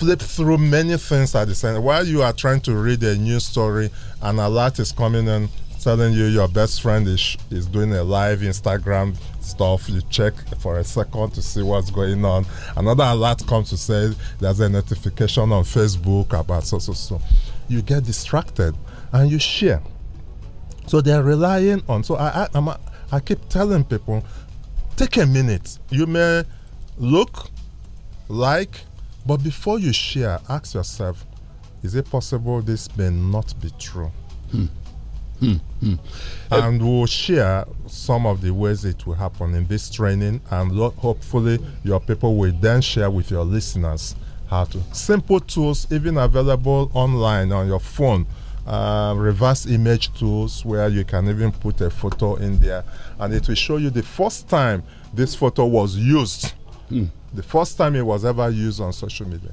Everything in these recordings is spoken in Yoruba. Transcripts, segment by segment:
flip through many things at the same while you are trying to read a news story and a lot is coming in telling you your best friend is, is doing a live instagram stuff you check for a second to see what's going on another alert comes to say there's a notification on facebook about so so so you get distracted and you share so they're relying on so i i, I keep telling people take a minute you may look like but before you share, ask yourself is it possible this may not be true? Hmm. Hmm. Hmm. Uh, and we'll share some of the ways it will happen in this training, and hopefully, your people will then share with your listeners how to. Simple tools, even available online on your phone. Uh, reverse image tools where you can even put a photo in there and it will show you the first time this photo was used hmm the first time it was ever used on social media.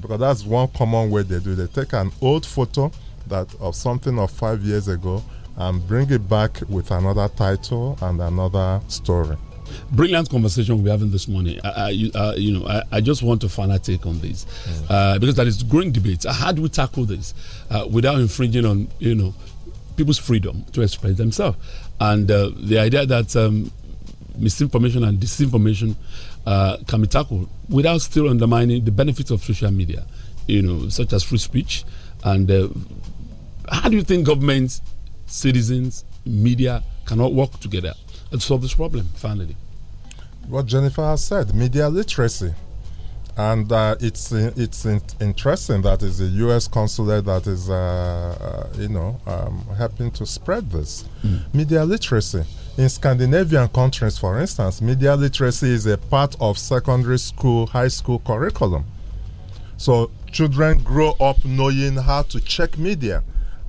Because that's one common way they do. They take an old photo that of something of five years ago and bring it back with another title and another story. Brilliant conversation we're having this morning. I, I, uh, you know, I, I, just want to find a take on this mm. uh, because that is growing debate. How do we tackle this uh, without infringing on you know people's freedom to express themselves? And uh, the idea that um, misinformation and disinformation uh, can be tackled without still undermining the benefits of social media, you know, such as free speech. And uh, how do you think governments, citizens, media cannot work together and solve this problem finally? What Jennifer has said, media literacy. And uh, it's uh, it's interesting that is the U.S. consulate that is uh, uh, you know um, helping to spread this mm. media literacy in Scandinavian countries, for instance, media literacy is a part of secondary school, high school curriculum. So children grow up knowing how to check media.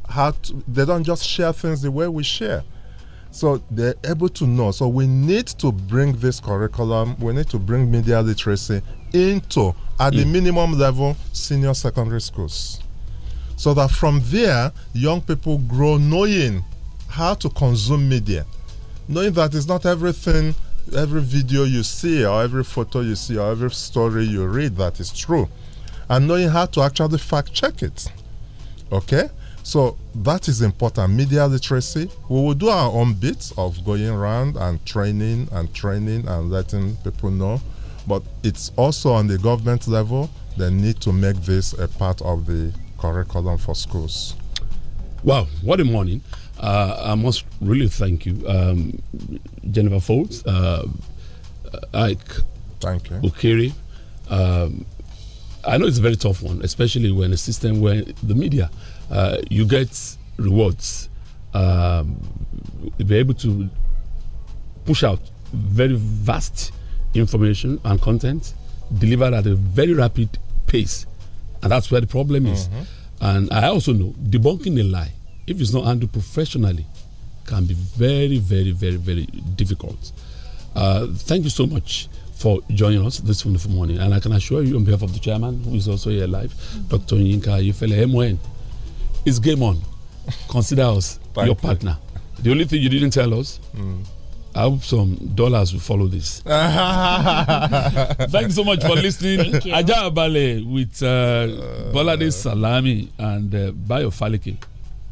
How to, they don't just share things the way we share. So they're able to know. So we need to bring this curriculum, we need to bring media literacy into, at mm. the minimum level, senior secondary schools. So that from there, young people grow knowing how to consume media, knowing that it's not everything, every video you see, or every photo you see, or every story you read that is true, and knowing how to actually fact check it. Okay? So that is important. Media literacy. We will do our own bits of going around and training and training and letting people know. But it's also on the government level, they need to make this a part of the curriculum for schools. Wow, what a morning. Uh, I must really thank you, um, Jennifer Foltz, uh, uh, Ike, thank you, Okiri. Um, I know it's a very tough one, especially when a system where the media, uh, you get rewards, um, be able to push out very vast information and content delivered at a very rapid pace, and that's where the problem is. Mm -hmm. And I also know debunking a lie if it's not handled professionally, can be very, very, very, very difficult. Uh, thank you so much for joining us this wonderful morning. And I can assure you, on behalf of the chairman, who is also here live, mm -hmm. Dr. Yinka Yufele MON, it's game on. Consider us your partner. The only thing you didn't tell us, mm. I hope some dollars will follow this. Thanks so much for listening. Aja Abale with uh, uh Bolade Salami and uh, Bayo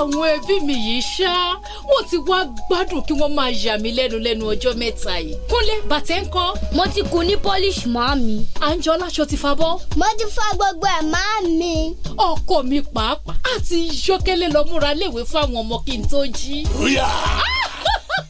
àwọn ẹbí mi yìí ṣá wọn ti wá gbádùn kí wọ́n máa yà mí lẹ́nu lẹ́nu ọjọ́ mẹ́ta yìí. kúnlé bàtẹ́ ń kọ́. mo ti kun ní polish máa mi. àǹjọ́lá aṣọ ti fa bọ́. mo ti fa gbogbo ẹ̀ máa mi. ọkọ mi pàápàá àti yọkẹ́lẹ́ lọ múra fún àwọn ọmọ kí n tó jí. ó yá. Ah!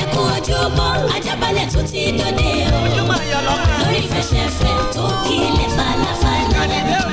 ẹkún ojúbọ ajábalẹ̀ tó ti dòde o lórí fẹsẹ̀fẹ̀ tó kílẹ̀ falafala.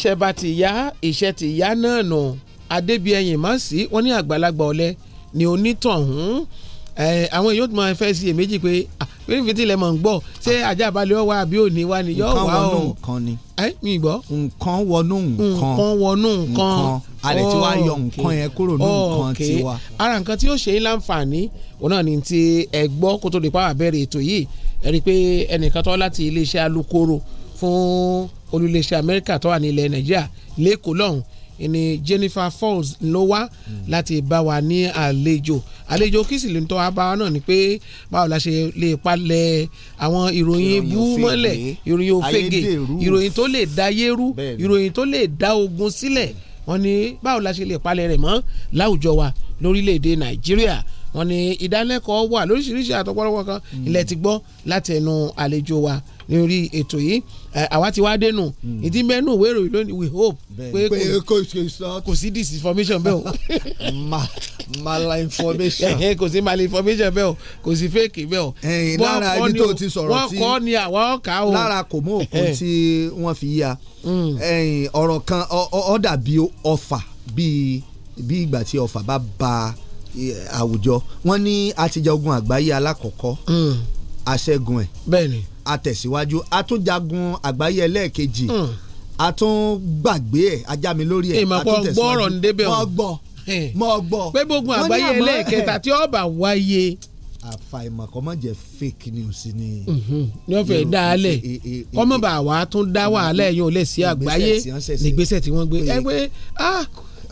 bíṣẹ́ bá ti yá iṣẹ́ ti yá náà nù adébíyẹyìn má sí wọn ní àgbàlagbà ọ̀lẹ ni onítọ̀hún àwọn èèyàn tó máa fẹ́ sí èméjì pé fífitì ah, lẹ́mọ̀ ń gbọ́ ṣé ah. ajá balẹ̀ ọ̀ wá àbí òní wá ni yóò wá o nǹkan wọnú nǹkan ni mi gbọ́. nǹkan wọnú nǹkan nǹkan wọnú nǹkan alẹ́ tí wàá yọ nǹkan yẹn kúrò ní nǹkan tiwa. ara nǹkan tí ó ṣe é láǹfààní òun náà ni ti ẹ gbọ́ kó tó di pàwọ́ abẹ́rẹ́ ètò yìí ẹ rí i pé ẹnìkan tó láti iléeṣẹ́ alukoro fún olùléṣẹ́ amẹ́ríkà tó wà ní ilẹ̀ nàìjíríà lẹ́kọ̀ọ́ lọ́hùn ní Jennifer Falls ló wá láti bá wa ní àlejò àlejò kí sì ló ń tọ́ abá náà ni pé báwo la ṣe lè palẹ̀ àwọn ìròyìn bú mọ́lẹ̀ ìròyìn òfegè ìròyìn tó lè dá yérú ìròyìn tó lè dá ogun sílẹ̀ wọ́n ní báwo la ṣe lè palẹ̀ rẹ̀ mọ́ láwùjọ wa lórílẹ̀‐èdè Nàìjíríà wọ́n ní ìdánilẹ́kọ̀ọ́ wà lóríṣiríṣi àtọ́pọ̀lọpọ̀ kan ilẹ̀ ti gbọ́ láti ẹnu àlejò wa lórí ètò yìí àwa ti wá dénú hmm. ìdí mẹ́nu ìwé lónìí we hope pé kò sí disinformation bẹ́ẹ̀ o. malinformation. kò sí malinformation bẹ́ẹ̀ o kò sí fake bẹ́ẹ̀ o. ẹyin lára ibi tó ti sọ̀rọ̀ tí wọ́n kọ́ ni àwa ọ̀ka o. lára kò mú òkun tí wọ́n fi yá hmm. ẹyin ọ̀rọ̀ kan ó dàbí ọfà bíi bí ìgbà tí ọfà bá ba àwùjọ wọn ní àtijọ́ ogun àgbáyé alákọ̀ọ́kọ́ àṣẹ́gun hmm. ẹ̀. bẹ́ẹ̀ni àtẹ̀síwájú àtúnjagun àgbáyé ẹlẹ́ẹ̀kejì àtúngbàgbé hmm. ẹ̀ ajá mi lórí ẹ̀ àtúntẹ̀síwájú mọ́ gbọ́ mọ́ gbọ́ pé gbogbo àgbáyé ẹlẹ́ẹ̀kẹta tí ó bá wáyé àfàìmọ̀ kọ́ mọ̀ fake news ni. yóò mhm. fẹ́ dálẹ̀ kọ́mọ̀bà wa tún dá wàhálà ẹ̀yìn ò lẹ̀ sí àgbáyé nígbésẹ̀ tí wọ́n gbé ẹgbẹ́ ah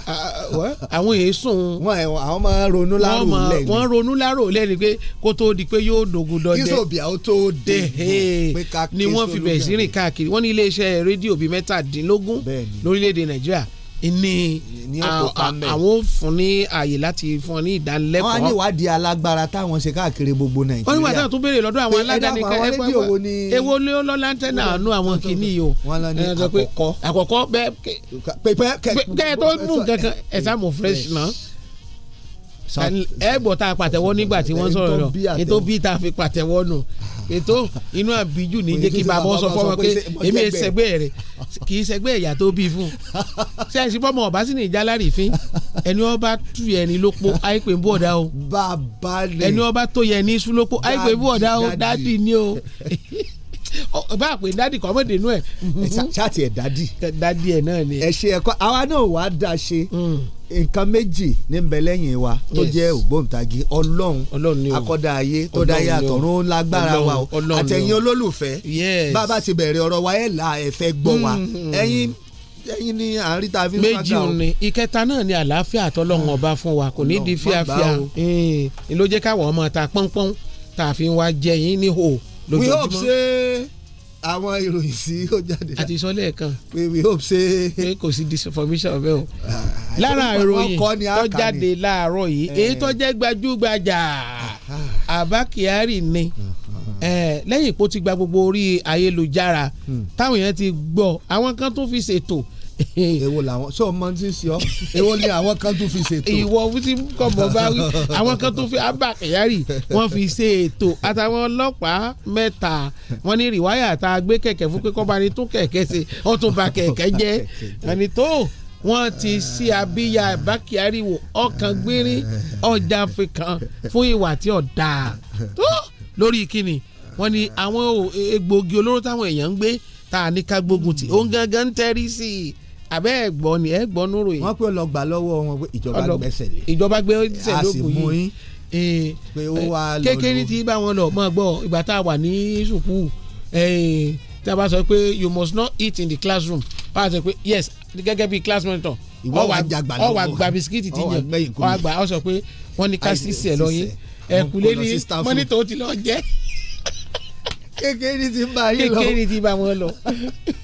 Ah, ah, àwọn èyí sùn. wọn àwọn máa ronú lárò lẹ́nu. wọ́n ronú lárò lẹ́nu pé kó tó di pé yóò dogun dọdẹ. kí sòbíà ó tó dé. Eh, eh, ni wọ́n fi bẹ̀rẹ̀ sí rìn káàkiri wọ́n ní iléeṣẹ́ rédíò bíi mẹ́tàdínlógún lórílẹ̀‐èdè nàìjíríà ní àwọn fún ní àyè láti fún ọ ní ìdánilẹ́kọ̀ọ́. wọ́n á ní ìwádìí alágbára táwọn ṣe káàkiri gbogbo nàìjíríà. wọ́n ní wàá sáà tún béèrè lọ́dọ̀ àwọn aládàáni kan ẹ pẹ́ pẹ́ ewo ló lọ láńtẹ́nà àánú àwọn kìíní yìí o. wọ́n lọ ní àkọ́kọ́. àkọ́kọ́ bẹ́ẹ̀ kẹ́ ẹ tó mú kankan ẹ sá mọ̀ fresh náà ẹ gbọ́ tá a pàtẹ́wọ́ nígbà tí wọ́n sọ̀rọ̀ lọ ètò bí ta ètò inú àbíjù ní jẹ́ kí bàbá sọ fọ́mọ pé èmi ẹsẹ̀gbẹ́ rẹ̀ kì í sẹ̀gbẹ́ ẹ̀yà tó bí fún ṣé àìsí bọ́mọ ọ̀bá sì ní ìjálárì fín ẹni ọba tú ẹni lópo àìpé ń bú ọ̀dá o ẹni ọba tó yẹ ní sún lópo àìpé ń bú ọ̀dá o dáàdì ni o bá a pè dádì kọ́mọ̀dé inú ẹ̀. Mm-hmm. ṣáàtì ẹ̀ dádì. dádì ẹ̀ náà ni. ẹ ṣe ẹ̀kọ́ àwa náà wà á dá ṣe mm. nǹkan méjì ní nbẹ lẹ́yìn wa tó jẹ́ ògbóǹtagì ọlọ́run akọ́dá ayé tó dáyé àtọ̀run ó lágbára wa o àtẹ̀yìn olólùfẹ́ bàbá ti bẹ̀rẹ̀ ọ̀rọ̀ wa ẹ̀ là ẹ̀ fẹ́ gbọ́ wa mm-hmm. ẹ̀yin ẹ̀yin ni àárín tá a fi ń fagbá o. méjì ni ìkẹta náà ni àlàáfíà àtọ́lọ́run ọba fún wa kò ní di fíafíà ló jẹ́ káwọn ọmọ ta pọ́npọ́n tá a fi ń ní hò lójoojúmọ́. we hope say àwọn ìròyìn tí ó jáde la. àti sọ lẹ́ẹ̀kan. we we hope say. pé kò sí disinformation bẹ́ẹ̀ o. Ah, lára ìròyìn tó jáde láàárọ̀ yìí eh. èyí tó jẹ́ gbajúgbajà ah, ah. Abba Kyari ni mm-hmm. eh, lẹ́yìn ipò ti gba gbogbo orí ayélujára hmm. táwọn èèyàn ti gbọ́ àwọn kan tó fi ṣètò. Mm èwo làwọn so o mọ ti ṣe ọ èwo ni àwọn kan tún fi ṣètò. ìwọ wúti kọ̀bọ̀ bá wí àwọn kan tún fi abba kyari wọ́n fi ṣe ètò àtàwọn ọlọ́pàá mẹ́ta wọ́n ní rìwáyà tá a gbé kẹ̀kẹ́ fún pé kọ́ba ni tún kẹ̀kẹ́ ṣe ó tún ba kẹ̀kẹ́ jẹ́ ẹni tó wọ́n ti ṣí abíyá bákíárì wò ọkàn gbérín ọjà fìkan fún ìwà tí ò dáa tó lórí kíni wọ́n ní àwọn egbòogi olóró táwọn èèyàn ń gbé tá a ní ká gbógun tì ó ń gangan ń tẹ́rí sí i abẹ́ ẹ̀ ni ẹ̀ gbọ́ yìí. wọ́n pé ọlọ́gbà lọ́wọ́ wọn pé ìjọba gbẹ́sẹ̀ lé ìjọba gbẹ́sẹ̀ lókun yìí pé ó wà lọ́dún. kékeré tí bá wọn lọ mọ́ gbọ́ ìgbà tá a wà ní sùkúù tí a bá sọ pé you must not eat in the classroom wọ́n á sọ pé yes gẹ́gẹ́ bí class monitor ọwà gba bisikíìtì ti yẹ ọwà gba ọ sọ pé wọ́n ní ká sísẹ̀ lọ yín ẹ̀kúlé ní mọ́nítọ̀ ti lọ jẹ́ kékeré ti bá yín lọ kékeré ti bá wọn lọ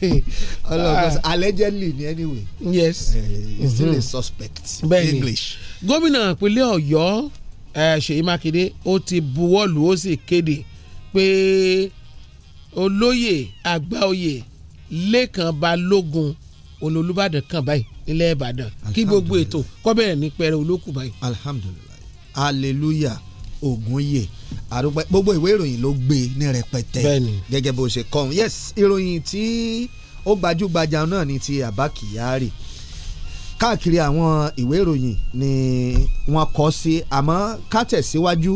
ah. allegedly ni anyway yes eh, he still mm-hmm. a suspect bẹ́ẹ̀ni english. gómìnà ìpínlẹ̀ ọ̀yọ́ eh, ṣèyí mákindé ó ti buwọ́lù ó sì kéde pé olóyè àgbáoyè lẹ́kàn balógun olólùbàdàn kan báyìí nílẹ̀ ìbàdàn kí gbogbo ètò kọ́bẹ̀rẹ̀ ní pẹ̀rẹ̀ olókùn báyìí. alhamdulilayi hallelujah Ògúnyè àdúpẹ́ gbogbo ìwé ìròyìn ló gbé ní rẹpẹtẹ gẹ́gẹ́ bó ṣe kọ́ yes ìròyìn tí ó gbajúgbajà náà ni ti Abba Kyari káàkiri àwọn ìwé ìròyìn ni wọ́n kọ sí àmọ́ ká tẹ̀síwájú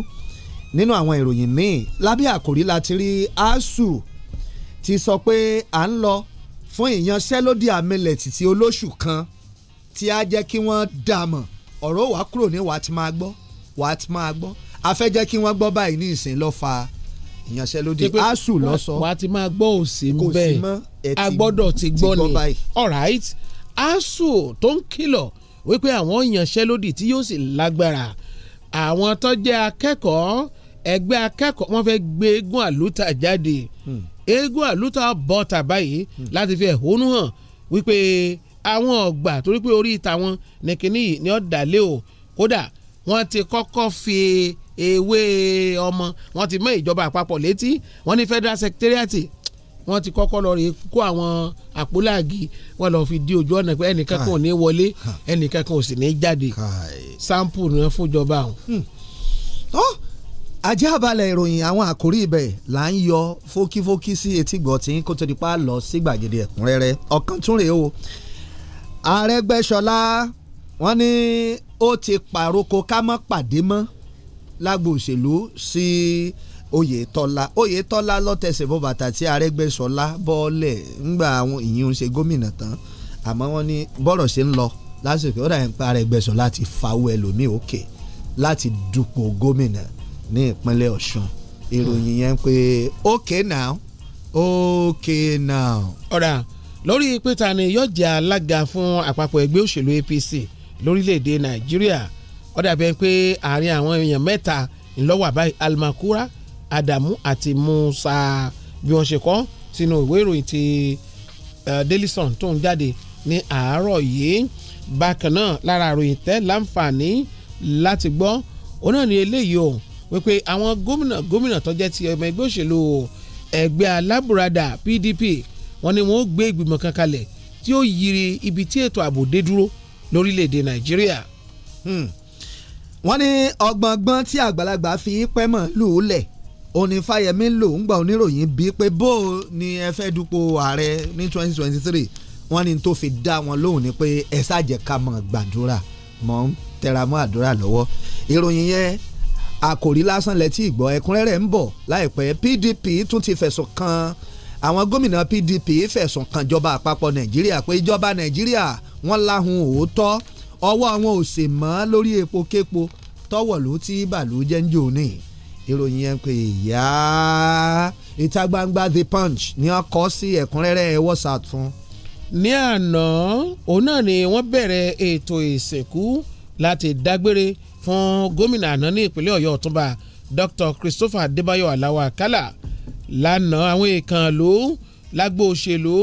nínú àwọn ìròyìn míì lábẹ́ àkòrí láti rí ASUU ti sọ pé à ń lọ fún ìyanṣẹ́lódì àmìlẹ̀tì tí olóṣù kan tí a jẹ́ kí wọ́n dààmú ọ̀rọ̀ wà kúrò ní wàá ti máa gbọ́ wàá ti máa gbọ́ a fẹ́ jẹ́ kí wọ́n gbọ́ báyìí ní ìsìn ló fa ìyanṣẹ́lódì asu ló sọ wàá ti máa gbọ́ òsì ń bẹ́ẹ̀ a gbọ́dọ̀ ti gbọ́ ni all right asu tó ń kìlọ̀ wípé àwọn ìyanṣẹ́lódì tí yóò sì lágbára àwọn tó jẹ́ akẹ́kọ̀ọ́ ẹgbẹ́ akẹ́kọ̀ọ́ wọ́n fẹ́ gbé eégún àlùtà jáde hmm. eégún àlùtà bọ́ta báyìí hmm. láti fi ẹ̀hónú hàn wípé àwọn ọ̀gbà torí pé orí ìta wọn ní kínní ni ó dálé o kódà wọ́n ti kọ́kọ́ fi ewé ọmọ wọ́n ti mọ ìjọba àpapọ̀ létí wọ́n ní federal secretariat wọ́n ti kọ́kọ́ lọ rè kó àwọn àpòláàgì wọ́n lọ fi di ojú ọ̀nà pé ẹnìkan kan ò ní wọlé ẹnìkan kan ò sì ní jáde sampo ni wọ́n fúnjọba ọ̀hún. Hmm. ajá balẹ̀ ìròyìn àwọn àkórí ibẹ̀ là ń yọ fókífókí sí etígbọ̀ tí kò tó di pa lọ sí gbàgede ẹ̀kúnrẹ́rẹ́ ọ̀kan tún rèé o Arẹ́gbẹ́ṣọlá wọ́n ní ó ti pàrokò ká mọ́ pàdé mọ́ lágbo òṣèlú sí Oyètọ́lá Oyètọ́lá lọ́tẹ̀sẹ̀ bọ́ bàtà tí Arẹ́gbẹ́ṣọlá bọ́ọ̀lẹ̀ ńgbà àwọn ìyún ṣe gómìnà tán àmọ́ wọ́n ní bọ́rọ̀ ṣe ń lọ lásìkò ó dà ń pa Arẹ́gbẹ́ṣọlá ti fawọ́ ẹlòmíì òkè láti dupò gómìnà ní ìpínlẹ̀ Ọ̀ṣun ìròyìn yẹn pé okay now okay now. ọ̀rà lórí pété ni yóò jẹ́ alága fún àpapọ̀ ẹgbẹ́ òṣèlú APC lórílẹ̀‐èdè Nàìjíríà ó dàbí ẹni pé àárín àwọn èèyàn mẹ́ta ńlọ́wọ́ àbáyé Almakura Adamu àti Musa bí wọ́n ṣe kọ́ sínú ìwé ìròyìn ti Daily Sun tó ń jáde ní àárọ̀ yìí bákan náà lára àròyìn tẹ́ láǹfààní láti gbọ́ òun náà ní eléyìí o wípé àwọn gómìnà gómìnà tó jẹ́ ti ọmọ ẹgbẹ́ òṣèlú ẹgbẹ́ alábùradà PDP wọ́n ní wọ́n ó gbé ìgbìmọ̀ kan kalẹ̀ tí ó yiri ibi tí ètò ààbò dé dúró lórílẹ̀‐èdè Nàìjíríà. Hmm wọ́n ní ọgbọ̀ngbọ́n tí àgbàlagbà fi pẹ́ mọ̀ lùúlẹ̀ òní fáyẹmí lò ń gba oníròyìn bíi pé bó ni ẹ fẹ́ dupò ààrẹ ní 2023 wọ́n ní tó fi dá wọn lóhùn ni pé ẹ ṣàjẹ́ ká mọ̀ gbàdúrà mọ̀ ń tẹra mọ́ àdúrà lọ́wọ́ ìròyìn yẹn àkòrí lásán lẹ́tí ìgbọ́ ẹ̀kúnrẹ́rẹ́ ń bọ̀ láìpẹ́ PDP tún ti fẹ̀sùn kan àwọn gómìnà PDP fẹ̀sùn kan ìjọba àpapọ̀ Nàìjíríà pé ìjọba Nàìjíríà wọ́n láhùn òótọ́ ọwọ́ àwọn ò sì mọ́ lórí epo képo tọ́wọ̀ ló ti bàlújẹ́ ń jò ní ìròyìn yẹn pé ìyá ìta gbangba the punch ni wọ́n kọ sí ẹ̀kúnrẹ́rẹ́ whatsapp fún. ní àná òun náà ni wọ́n bẹ̀rẹ̀ ètò ìsìnkú láti dágbére fún gómìnà àná ní ìpínlẹ̀ ọ̀yọ́ ọ̀túnba dr christopher adébáyọ̀ aláwọ̀ àkàlà lánàá àwọn èèkàn ló lágbo òṣèlú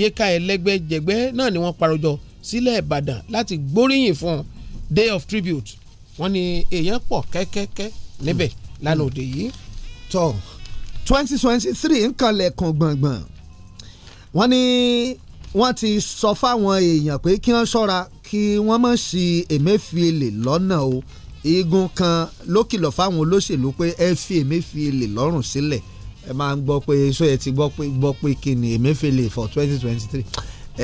yíká ẹlẹ́gbẹ́jẹgbẹ́ náà ni wọ́n parọ́jọ́ sílẹ̀ ìbàdàn láti gbóríyìn fún un day of tribute wọ́n ní èèyàn pọ̀ kẹ́kẹ́kẹ́ níbẹ̀ lánàá òde yìí. tọ twenty twenty three nǹkan lẹ̀kùn gbọ̀ngbọ̀n wọ́n ní wọ́n ti sọ fáwọn èèyàn pé kí wọ́n ṣọ́ra kí wọ́n má ṣì Emefiele lọ́nà o igun kan ló kìlọ̀ fáwọn olóṣèlú pé ẹ fi Emefiele lọ́rùn sílẹ̀ ẹ máa ń gbọ́ pé so ẹ ti gbọ́ pé gbọ́ pé kí ni Emefiele for twenty twenty three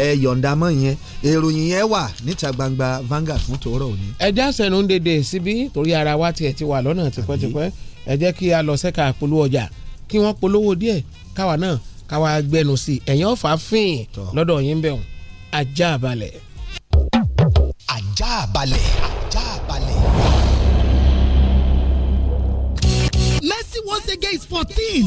ẹ yọ̀ǹda mọ́ yẹn èròyìn yẹn wà níta gbangba Vanguard fún tòórọ̀ òní. ẹ já sẹ́nu ń dèdè síbí torí ara wa tiẹ̀ ti wà lọ́nà tipẹ́tipẹ́ ẹ jẹ́ kí a lọ sẹ́ka polówó ọjà kí wọ́n polówó díẹ̀ káwa náà káwa gbẹnu sí i ẹ̀yìn ọ̀fà fín lọ́dọ̀ yín bẹ̀rù ajá balẹ̀. ajá balẹ̀ ajá balẹ̀. Mercy once again fourteen.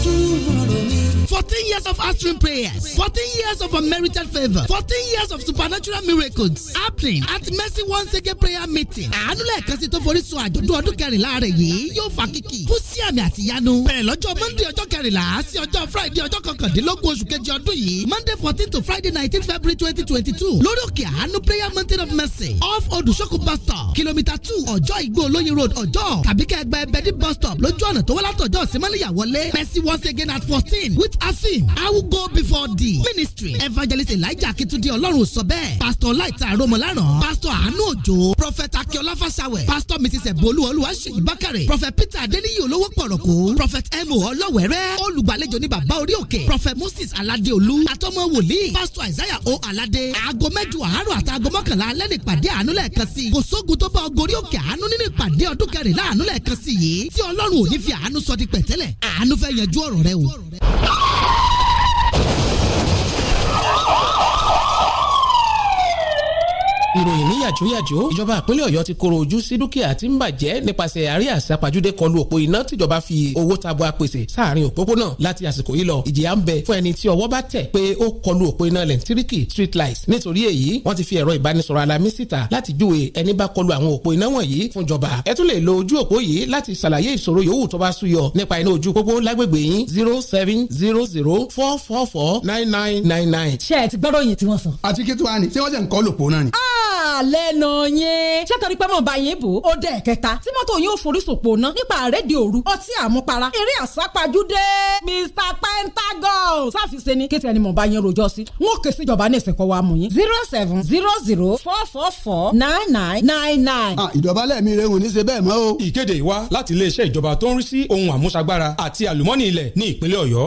14 years of answering prayers, 14 years of unmerited favor, 14 years of supernatural miracles happening at Mercy One Second prayer meeting. Àánú lẹ́ẹ̀kan sí tó forí sọ àjọ̀dún ọdún kẹrìnlá rẹ̀ yìí yóò fa kìkì fún sí àmì àti ìyanu. Bẹ̀rẹ̀ lọ́jọ́ Monday ọjọ́ kẹrìnlá sí ọjọ́ Friday ọjọ́ kọkàndínlógún oṣù kejì ọdún yìí Monday fourteen to Friday nineteen February twenty twenty two lórí òkè àánú prayer mountain of mercy off Odùsókù bus stop kìlómítà two ọjọ́ Ìgbó Olóyin road ọjọ́ tàbí kẹgbẹ́ Bẹ́dí bus stop lójú ọ̀nà tó wọ́lá tọ̀jọ́ sí mọ́lẹ́yà wọlé Mercy once again at fourteen with asim i will go before the ministry evangelist elijah akitunde ọlọ́run sọ bẹ́ẹ̀ pastor laita Romolano, pastor anu ojo prophet akiola fasawẹ pastor mrs ebolu oluwaseyi bakare prophet peter adeniyi olówó pọ̀rọ̀kọ́ prophet emu ọlọ́wẹ̀rẹ́ olùgbàlejò ní bàbá orí òkè prophet moses aladeolu atọ́mọ wòlíì pastor isaiah o alade aago mẹ́jọ àárọ̀ àti aago mọ́kànlá alẹ́ ní ìpàdé àánú lẹ́ẹ̀kan sí kò sóògùn tó bá ọgọ́rí òkè àánú nínú ìpàdé ọdún kẹrìnlá àánú lẹ́ẹ̀kan sí yìí tí ọlọ́run ò ní fi àánú sọ di pẹ̀tẹ́lẹ̀ àánú fẹ́ yanjú ojú ọ̀rọ̀ rẹ wò. ìròyìn níyàjóyàjó ìjọba àpínlẹ̀ ọ̀yọ́ ti koro ojú sí dúkìá tí ń bàjẹ́ nípasẹ̀ àárẹ̀ àṣàpàjúdé kọlu òpó iná tìjọba fi owó tabo apèsè sáàrin òpópónà láti àsìkò yìí lọ ìjìyà ń bẹ fún ẹni tí ọwọ́ bá tẹ̀ pé ó kọlu òpó iná lẹ́ńtíríkì street light nítorí èyí wọ́n ti fi ẹ̀rọ ìbánisọ̀rọ̀ alamí síta láti júwe ẹni bá kọlu àwọn òpó iná wọ̀nyí fún ìjọba ẹ tún lè lo ojú òpó zero seven zero zero four four four nine nine nine nine. ṣé ẹ ti gbọ́dọ̀ yìí tí wọ́n sọ. àti kí lẹ́nu yẹn ṣètọ́rí pẹ́ mọ̀ bá yẹn bò ó dẹ̀ kẹta tí mọ́tò yóò forísòpò ná nípa àrédìí òru ọtí àmupara eré àsápajúdé Mr Pentagon sáfìsẹ́ ni kéte ẹni mọ̀ bá yẹn rojọ́ sí wọn kè sí ìjọba ní ìsìnkú wa mú yín zero seven zero zero four four four nine nine nine nine. Ah, ìdọ̀bálẹ̀ mi rẹ̀ wò ní ṣe bẹ́ẹ̀ mọ́ o. ìkéde wa láti iléeṣẹ́ ìjọba tó ń rí sí ohun àmúṣagbára àti àlùmọ́nì ilẹ̀ ní ìpínlẹ̀ Ọ̀yọ́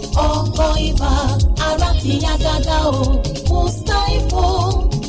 ọkọ̀ ibà ara ti yá gágá o mustapho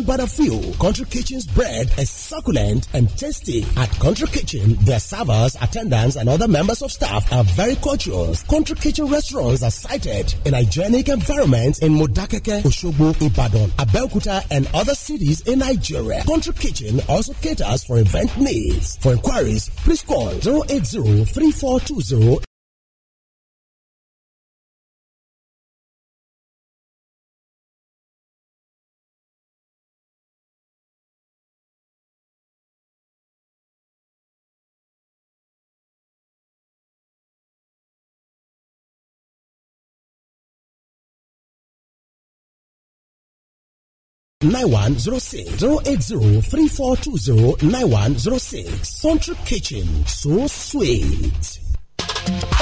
Stand by the fuel, Country Kitchen's bread is succulent and tasty. At Country Kitchen, their servers, attendants, and other members of staff are very courteous. Country Kitchen restaurants are sited in hygienic environments in Modakeke, Oshogbo, Ibadan, Abeokuta, and other cities in Nigeria. Country Kitchen also caters for event needs. For inquiries, please call 080 3420 nine one zero six zero eight zero three four two zero nine one zero six Central Kitchen so sweet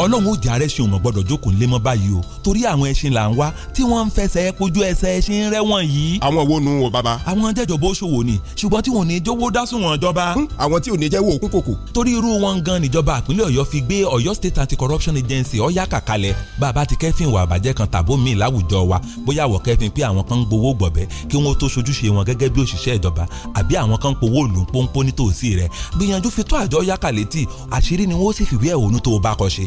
ọlọ́run ó jẹ́ arẹ́sìn òmò gbọ́dọ̀ jókòó ńlẹ́ mọ́ báyìí o torí àwọn ẹṣin là ń wá tí wọ́n ń fẹsẹ̀ kojú ẹsẹ̀ ẹṣin rẹ́wọ̀n yìí. àwọn wo nu wo bàbá. àwọn jẹjọ bó ṣòwò ni ṣùgbọ́n tí wọn ò ní jówó dásùn wọn jọba. Hm, àwọn tí ò ní jẹ́ wo òkú kòkò. torí irú wọn gan níjọba àpínlẹ̀ ọ̀yọ́ fi gbé ọ̀yọ́ state anti-corruption agency ọ̀yá kàkálẹ̀ bàbá ti kẹ́fìn ìwà àbàjẹ́ kan tàbó míì láwùjọ wa bóyá àwọ̀ kẹ́fìn pé àwọn kan ń gbowó gbọ̀bẹ́ kí wọ́n tó ṣojúṣe wọn gẹ́gẹ́ bí òṣìṣẹ́ ìjọba àbí àwọn kan ń powó lù ń pọ́npọ́n nítòsí rẹ̀ gbìyànjú fi tó àjọ ọ̀yá kàlétì àṣírí ni wọ́n sì fìwé ẹ̀hónú tó o bá kọ ṣe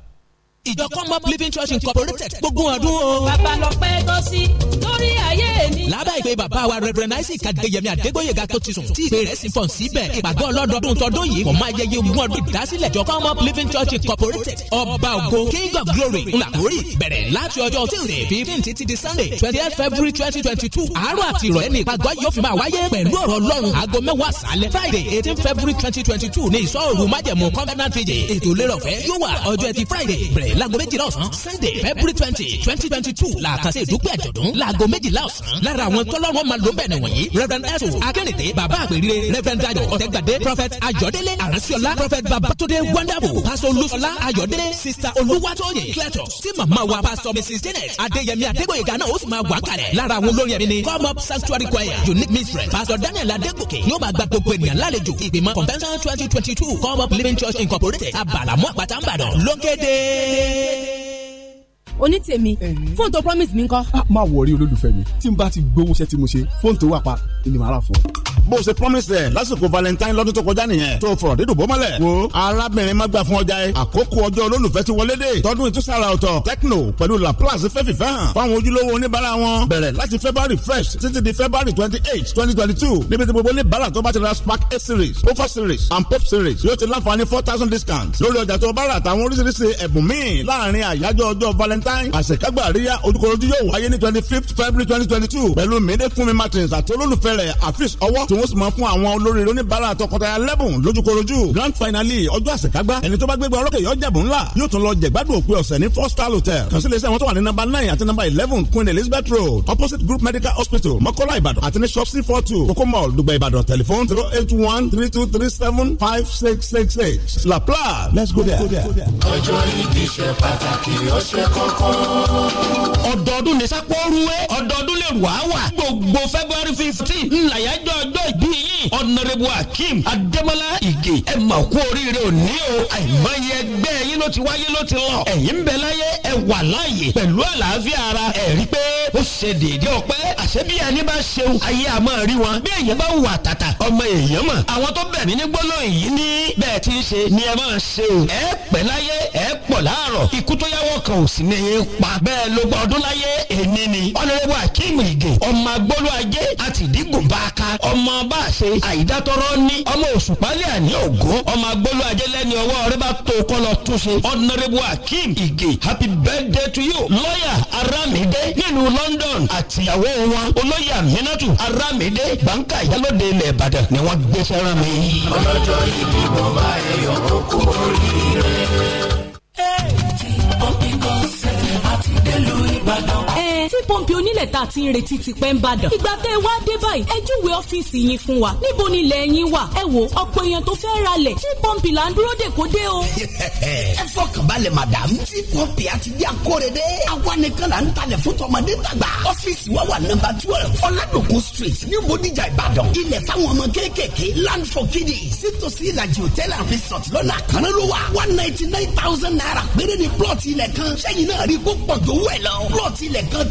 ìjọ commonwealth living church incorporated gbogbo ọdún o. bàbá lọ pẹ́ tó sí lórí ayé mi. lábẹ́ ìpè bàbá wa reverend isaac adéyẹmí adégbòyega tó ti sùn tí ìpè rẹ̀ sì fọ̀n síbẹ̀ ìpàgọ́ ọlọ́dọọdún tọdún yìí kò máa yẹyẹ ogún ọdún ìdásílẹ̀ ìjọ commonwealth living church incorporated ọba ògo king of glory ńlàkórì bẹ̀rẹ̀ láti ọjọ́ tuesday fifteen títí di sunday twenty eight february twenty twenty two àárọ̀ àti ìrọ̀lẹ́ ni ìpàgọ́ yóò fi máa wáyé pẹ̀lú ọ̀rọ̀ ọlọ́run aago mẹ́wàá sálẹ̀ friday eighteen february twenty twenty two ní ìsọ̀rù májẹ̀mú covenant vijay ètò lérò fẹ́ yóò wà ọjọ́ ẹtì friday bẹ̀rẹ̀ sunday laago méjìlá ọ̀sán sunday february twenty twenty twenty two làkànṣe ìdúpẹ́ àjọ̀dún laago méjìlá ọ̀sán lára àwọn tọ́lọ́wọ́n máa ló ń bẹ̀ nìwọ̀nyí reverend eso akérèdé bàbá àgbèrire reverend ayọ̀ ọ̀tẹ̀gbàdé prophet ayọ̀délé aránṣẹ́ọlá prophet babatunde wonderful pastor olúṣọlá ayọ̀délé sister olúwatóyè cletus tí màmá wa pastor mrs janet adéyẹmí adégbòyèga náà ó sì máa wà kalẹ̀ lára àwọn olórin ẹ̀mí ni come up sanctuary choir unique mystery. pastor daniel adégòkè yóò máa gba gbogbo ènìyàn lálejò ìgbìmọ̀ convention twenty twenty two come up living church incorporated abalamu àpàtàǹbàdàn lókèdè. Yeah. onítèmi fóònù tó promise mi ńkọ́. Ah, má wọrí olólùfẹ́ mi tí n bá ti gbowó iṣẹ́ tí mo ṣe fóònù tó wà pa ni màá rà fún ọ. bó o ṣe promise rẹ lásìkò valentine lọ́dún tó kọjá nìyẹn tó fọ̀rọ̀ dídùn bó mọ́lẹ̀. wo arábìnrin má gbà fún ọjà yẹn àkókò ọjọ́ olólùfẹ́ ti wọlé dé tọdún ìtúsára ọ̀tọ̀ tecno pẹ̀lú laplace fẹ́ fìfẹ́ hàn fáwọn ojúlówó oníbàárà wọn bẹ̀rẹ̀ láti february first. títí di february twenty eight twenty twenty two níbi tí gbogbo oníbàárà tó bá ti ra series pofa series and pop series yóò ti láǹfààní four thousand discount lórí ọjà tó bá rà àtàwọn oríṣiríṣi ẹ̀bùn míì láàárín àyájọ́ ọjọ́ valentine valentine àṣekágbà àríyá olùkọ́rọ́jú yóò wáyé ní twenty fifth february twenty twenty two pẹ̀lú mèdè fúnmi martins àti olólùfẹ́ rẹ̀ afis ọwọ́ tí wọ́n sì máa fún àwọn olórí oníbàárà tọkọtaya lẹ́bùn lójúkorojú grand finale ọjọ́ àṣekágbá ẹni tó bá gbégbá ọlọ́kẹ́ yọ jẹ̀bù ńlá yóò tún lọ jẹ̀gbádùn òpin ọ̀sẹ̀ ní four star hotel kàn sí lè ṣe àwọn tó wà ní number nine àti number eleven queen elizabeth road opposite group medical hospital mọ́kọ́lá ìbàdàn àti ní shop c four two kókó mall ìbàdàn telephone zero eight one three two three seven five six six six la let's go there. ọjọ́ ìbí ṣe pàtàkì ó ṣe ọdọọdún ní sápó rúwé ọdọọdún lè rù wà gbogbo february fifteen ńláyàjọ ọjọ́ ìbí yìí ọ̀nàrẹ́bù akeem adémọlá ìgè ẹ̀ mà kú oríire òní o àìmọye ẹgbẹ́ yín ló ti wáyé ló ti lọ ẹ̀yin bẹ láyé ẹ wà láàyè pẹ̀lú àlàáfíà ara ẹ̀ rí pé ó ṣe déédé ọpẹ́ àṣẹ bí ẹni bá ṣeun ayé àmọ́ rí wọn bí èèyàn bá wà tàtà ọmọ èèyàn mọ̀ àwọn tó bẹ̀ mí ní gbólóhùn yìí ní yín pa bẹ́ẹ̀ ló gba ọdún láyé èmi ni ọlọ́lẹ́wọ̀ akíìmù ìgè ọmọ agbóló ajé àti ìdígùn bá a ka ọmọ bá a ṣe àyídátọ́rọ́ ní ọmọ oṣù pálí àní ògún ọmọ agbóló ajé lẹ́ni ọwọ́ rẹ bá tó kọ́ lọ tún ṣe ọ̀nàrẹ́wọ̀ akíìmù ìgè happy birthday to you lọ́yà arámidé nílùú London àtìyàwó wọn olóyè àmínátù arámidé báńkà ìyálòde ilẹ̀ Ìbàdàn ni wọ́n gbé fẹ́ràn mi. ọlọ́jọ́ ìbí mo bá ẹ̀yọ̀ kó kú oríire. know. yẹn tí pọ́ǹpì onílẹ̀ tá a ti ń retí ti pẹ́ ń bàdàn. ìgbà tẹ́ ẹ wá dé báyìí ẹ júwe ọ́fíìsì yín fún wa níbo ni ilẹ̀ yín wà ẹ wo ọ̀pọ̀ èèyàn tó fẹ́ ra lẹ̀ tí pọ́ǹpì là ń dúró dè kó dé o. ẹ fọkàn balẹ̀ madam tí pọ́ǹpì àti bí akóredé awa nìkan là ń talẹ̀ fún tọmọdé tàgbà. ọ́fíìsì wa wà nọ́mbà twelve ọ̀làdòkun street ní bodijà ìbàdàn ilẹ̀ fáwọn ọmọ kéékèèké land for kiddies sítòsí ìlàjì and resort lọ́nà àkànná ló one ninety nine thousand naira péré ni plọ̀tì ilẹ̀ kan sẹ́yìn náà rí gbogbo jòwó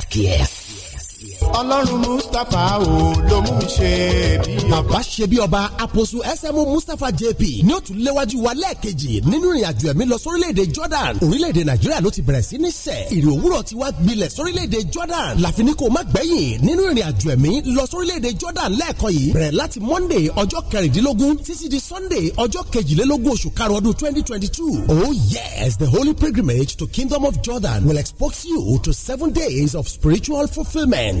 Podcast. ọlọ́run mustapha ò ló mú mi ṣe bí ọba. bàbá ṣe bí ọba àpòsù ẹsẹmú mustapha jp ní òtún léwájú wa lẹ́ẹ̀kejì nínú ìrìnàjò ẹ̀mí lọ sórílẹ̀‐èdè jordan orílẹ̀‐èdè nàìjíríà ló ti bẹ̀rẹ̀ sí ní sẹ̀ ìrì òwúrọ̀ ti wá gbilẹ̀ sórílẹ̀‐èdè jordan láfi ní kò má gbẹ̀yìn nínú ìrìnàjò ẹ̀mí lọ sórílẹ̀‐èdè jordan lẹ́ẹ̀kan yìí bẹ̀rẹ̀ láti monday ọjọ́ kẹrìndínlógún títí di sunday ọjọ́ kejìlélógún oṣù karùn-ún ọdún twenty twenty two oh yes the holy pilgrimage to kingdom of jordan will expose you to seven days of spiritual fulfilment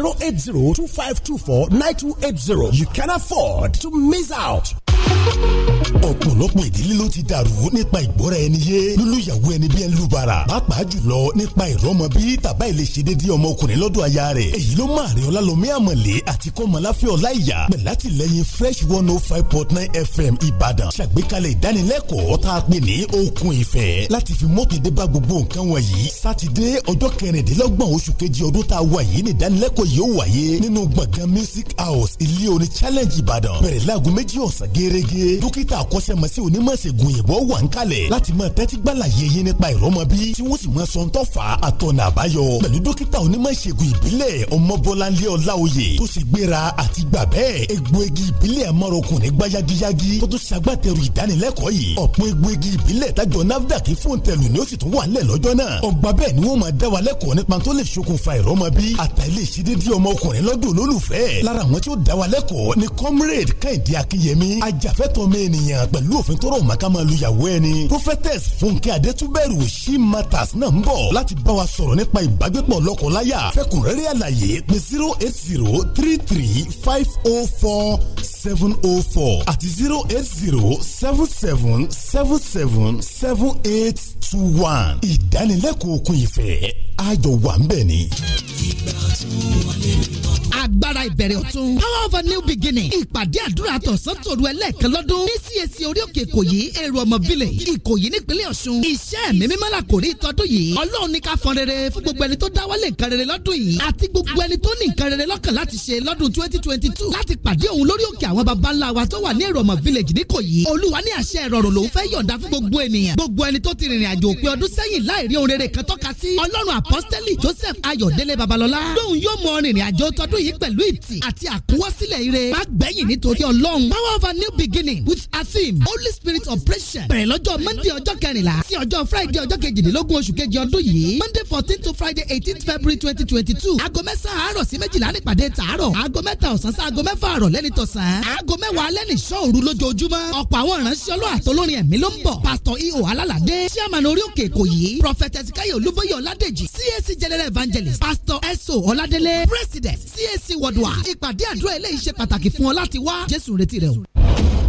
zero eight zero two five two four nine two eight zero. You can afford to miss out. ọ̀pọ̀lọpọ̀ ìdílé ló ti dàrú nípa ìgbọ́ra ẹni yé lólùyàwó ẹni bí ẹni lùbàrà pàápàá jùlọ nípa ìrọmọ bí tàbá ilé ṣe dédé ọmọkùnrin lọ́dọ̀ aya rẹ̀ èyí ló máa rí ọlálọ́mí àmọ̀lé àti kọ́mọláfẹ́ ọláìyá pẹ̀lú àtìlẹ́yìn fresh one oh five point nine fm ìbàdàn ṣàgbékalẹ̀ ìdánilẹ́kọ̀ọ́ tá a pè ní okun ìfẹ́ láti fi mọ́tòdé bá gbogbo nǹkan wọ̀nyí sátidé ọjọ́ kẹrìndínlọ́gbọ̀n oṣù kejì ọdún tá a wà yìí ní ìdánilẹ́kọ̀ọ́ yìí ó house ilé challenge ìbàdàn bẹ̀rẹ̀ láago méjì gerege dókítà akọ́ṣẹ́mọṣẹ́ onímọ̀ṣègùn òyìnbó wà ń kalẹ̀ láti máa tẹ́tí gbàlàyé yín nípa ìrọ́mọbí tí wọ́n sì máa sọ ń tọ́fà àtọ̀nà àbáyọ pẹ̀lú dókítà onímọ̀ṣègùn ìbílẹ̀ ọmọbọ́láńlé ọláoyè tó sì gbéra àti gbà bẹ́ẹ̀ egbòogi ìbílẹ̀ amọ̀rọ̀kùnrin gbá yagiyagi tó tún ṣagbátẹrù ìdánilẹ́kọ̀ọ́ yìí ọ̀pọ̀ egbòogi ìbílẹ̀ tájọ ìjàfẹ́tọ̀ mi ènìyàn pẹ̀lú òfin tó rọ̀ màkà máa lu ìyàwó ẹni. prophetess fúnkẹ́ adétúbẹ̀rù she matters náà ń bọ̀ láti bá wa sọ̀rọ̀ nípa ìbágbépọ̀ lọ́kọ̀ọ́láyà fẹ́kùnrẹ́rẹ́ àlàyé pé zero eight zero three three five oh four seven oh four àti zero eight zero seven seven seven seven seven eight two one. ìdánilẹ́kọ̀ọ́ òkun ìfẹ́ àjọ wà ń bẹ̀ ni. ìgbà tó wọlé agbára ìbẹ̀rẹ̀ ọ̀tun power of a new beginning ìpàdé àdúrà tọ̀sán tòru ẹlẹ́ẹ̀kan lọ́dún ní CAC orí òkè ìkòyí èrò ọmọ village ìkòyí nípínlẹ̀ ọ̀ṣun iṣẹ́ mi mímọ́ la kò rí tọdún yìí ọlọ́run ní ká fọn rere fún gbogbo ẹni tó dáwọ́lé nǹkan rere lọ́dún yìí àti gbogbo ẹni tó ní nǹkan rere lọ́kàn láti ṣe lọ́dún twenty twenty two láti pàdé òun lórí òkè àwọn baba ńlá wa tó wà ní ìrọ̀mọ̀ village ní kòyí olúwa ní àṣẹ ìrọ̀rùn lòún fẹ́ yọ̀ǹda fún gbogbo ènìyàn gbogbo ẹni tó ti rìnrìn àjò òpin ọdún sẹ́yìn láìrí ohun rere kan tọ́ka sí ọlọ́run apọ́sítẹ́lì joseph ayọ̀délé babalọ́lá lóun yóò mọ rìnrìn àjò tọdún yìí pẹ̀lú ìtì àti àkúwọ́sílẹ̀ ire má gbẹ̀yìn nítorí ọlọ́run power of a new beginning with asim holy spirit operation bẹ̀rẹ̀ lọ́jọ́ monday ọjọ́ kẹrìnlá sí ọjọ́ friday ọjọ́ kejìdínlógún oṣù kejì ọdún yìí monday fourteen to friday eighteen february twenty twenty two aago mẹ́sàn-án àárọ̀ sí méjìlá nípàdé tààrọ̀ aago mẹ́ta ọ̀sán sí aago mẹ́fà àrọ̀ lẹ́ni tọ̀sán mẹ́sàn-án aago mẹ́wàá alẹ́ ní sọ òru lójoojúmọ́ ọ̀pọ̀ àwọn ìránṣẹ́ ọlọ́ àtolórin ẹ̀mí ló ń bọ̀ pásítọ̀ ihò e alálàdé chairman orí òkè èkó yìí prophet ezekiel olúbóyè ọládèjì cac general evangelist pastor eso ọládélé president cac worldwide ìpàdé àdúrà eléyìí ṣe pàtàkì fún ọ láti wá jésù retí rẹ o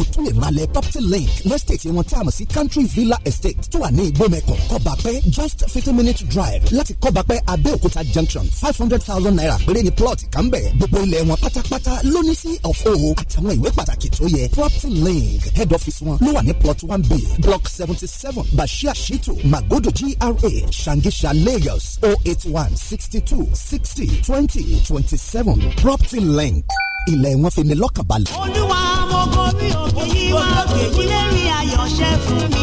òtúnlẹ̀málẹ̀ property link lẹ́sítẹ̀tì wọn tí a mọ̀ sí country villa estate tó wà ní ìgbọ́mẹ̀kọ̀ kọ́bàpẹ́ just fifteen minute drive láti kọ́bàpẹ́ abẹ́òkúta junction five hundred thousand naira péré ni plot kan bẹ̀ gbogbo ilẹ̀ wọn pátápátá lóní sí ọ̀fọ̀ àtàwọn ìwé pàtàkì tó yẹ property link head office wọn ló wà ní plot one b block seventy seven bashir shitu magodo gra shangisha lagos oh eight one sixty two sixty twenty twenty seven property link ilẹ̀ wọn fi ni lọ́kànbalẹ̀. olúwa mo kọ bí òkè yìí wá òkè yìí àyànṣe fún mi.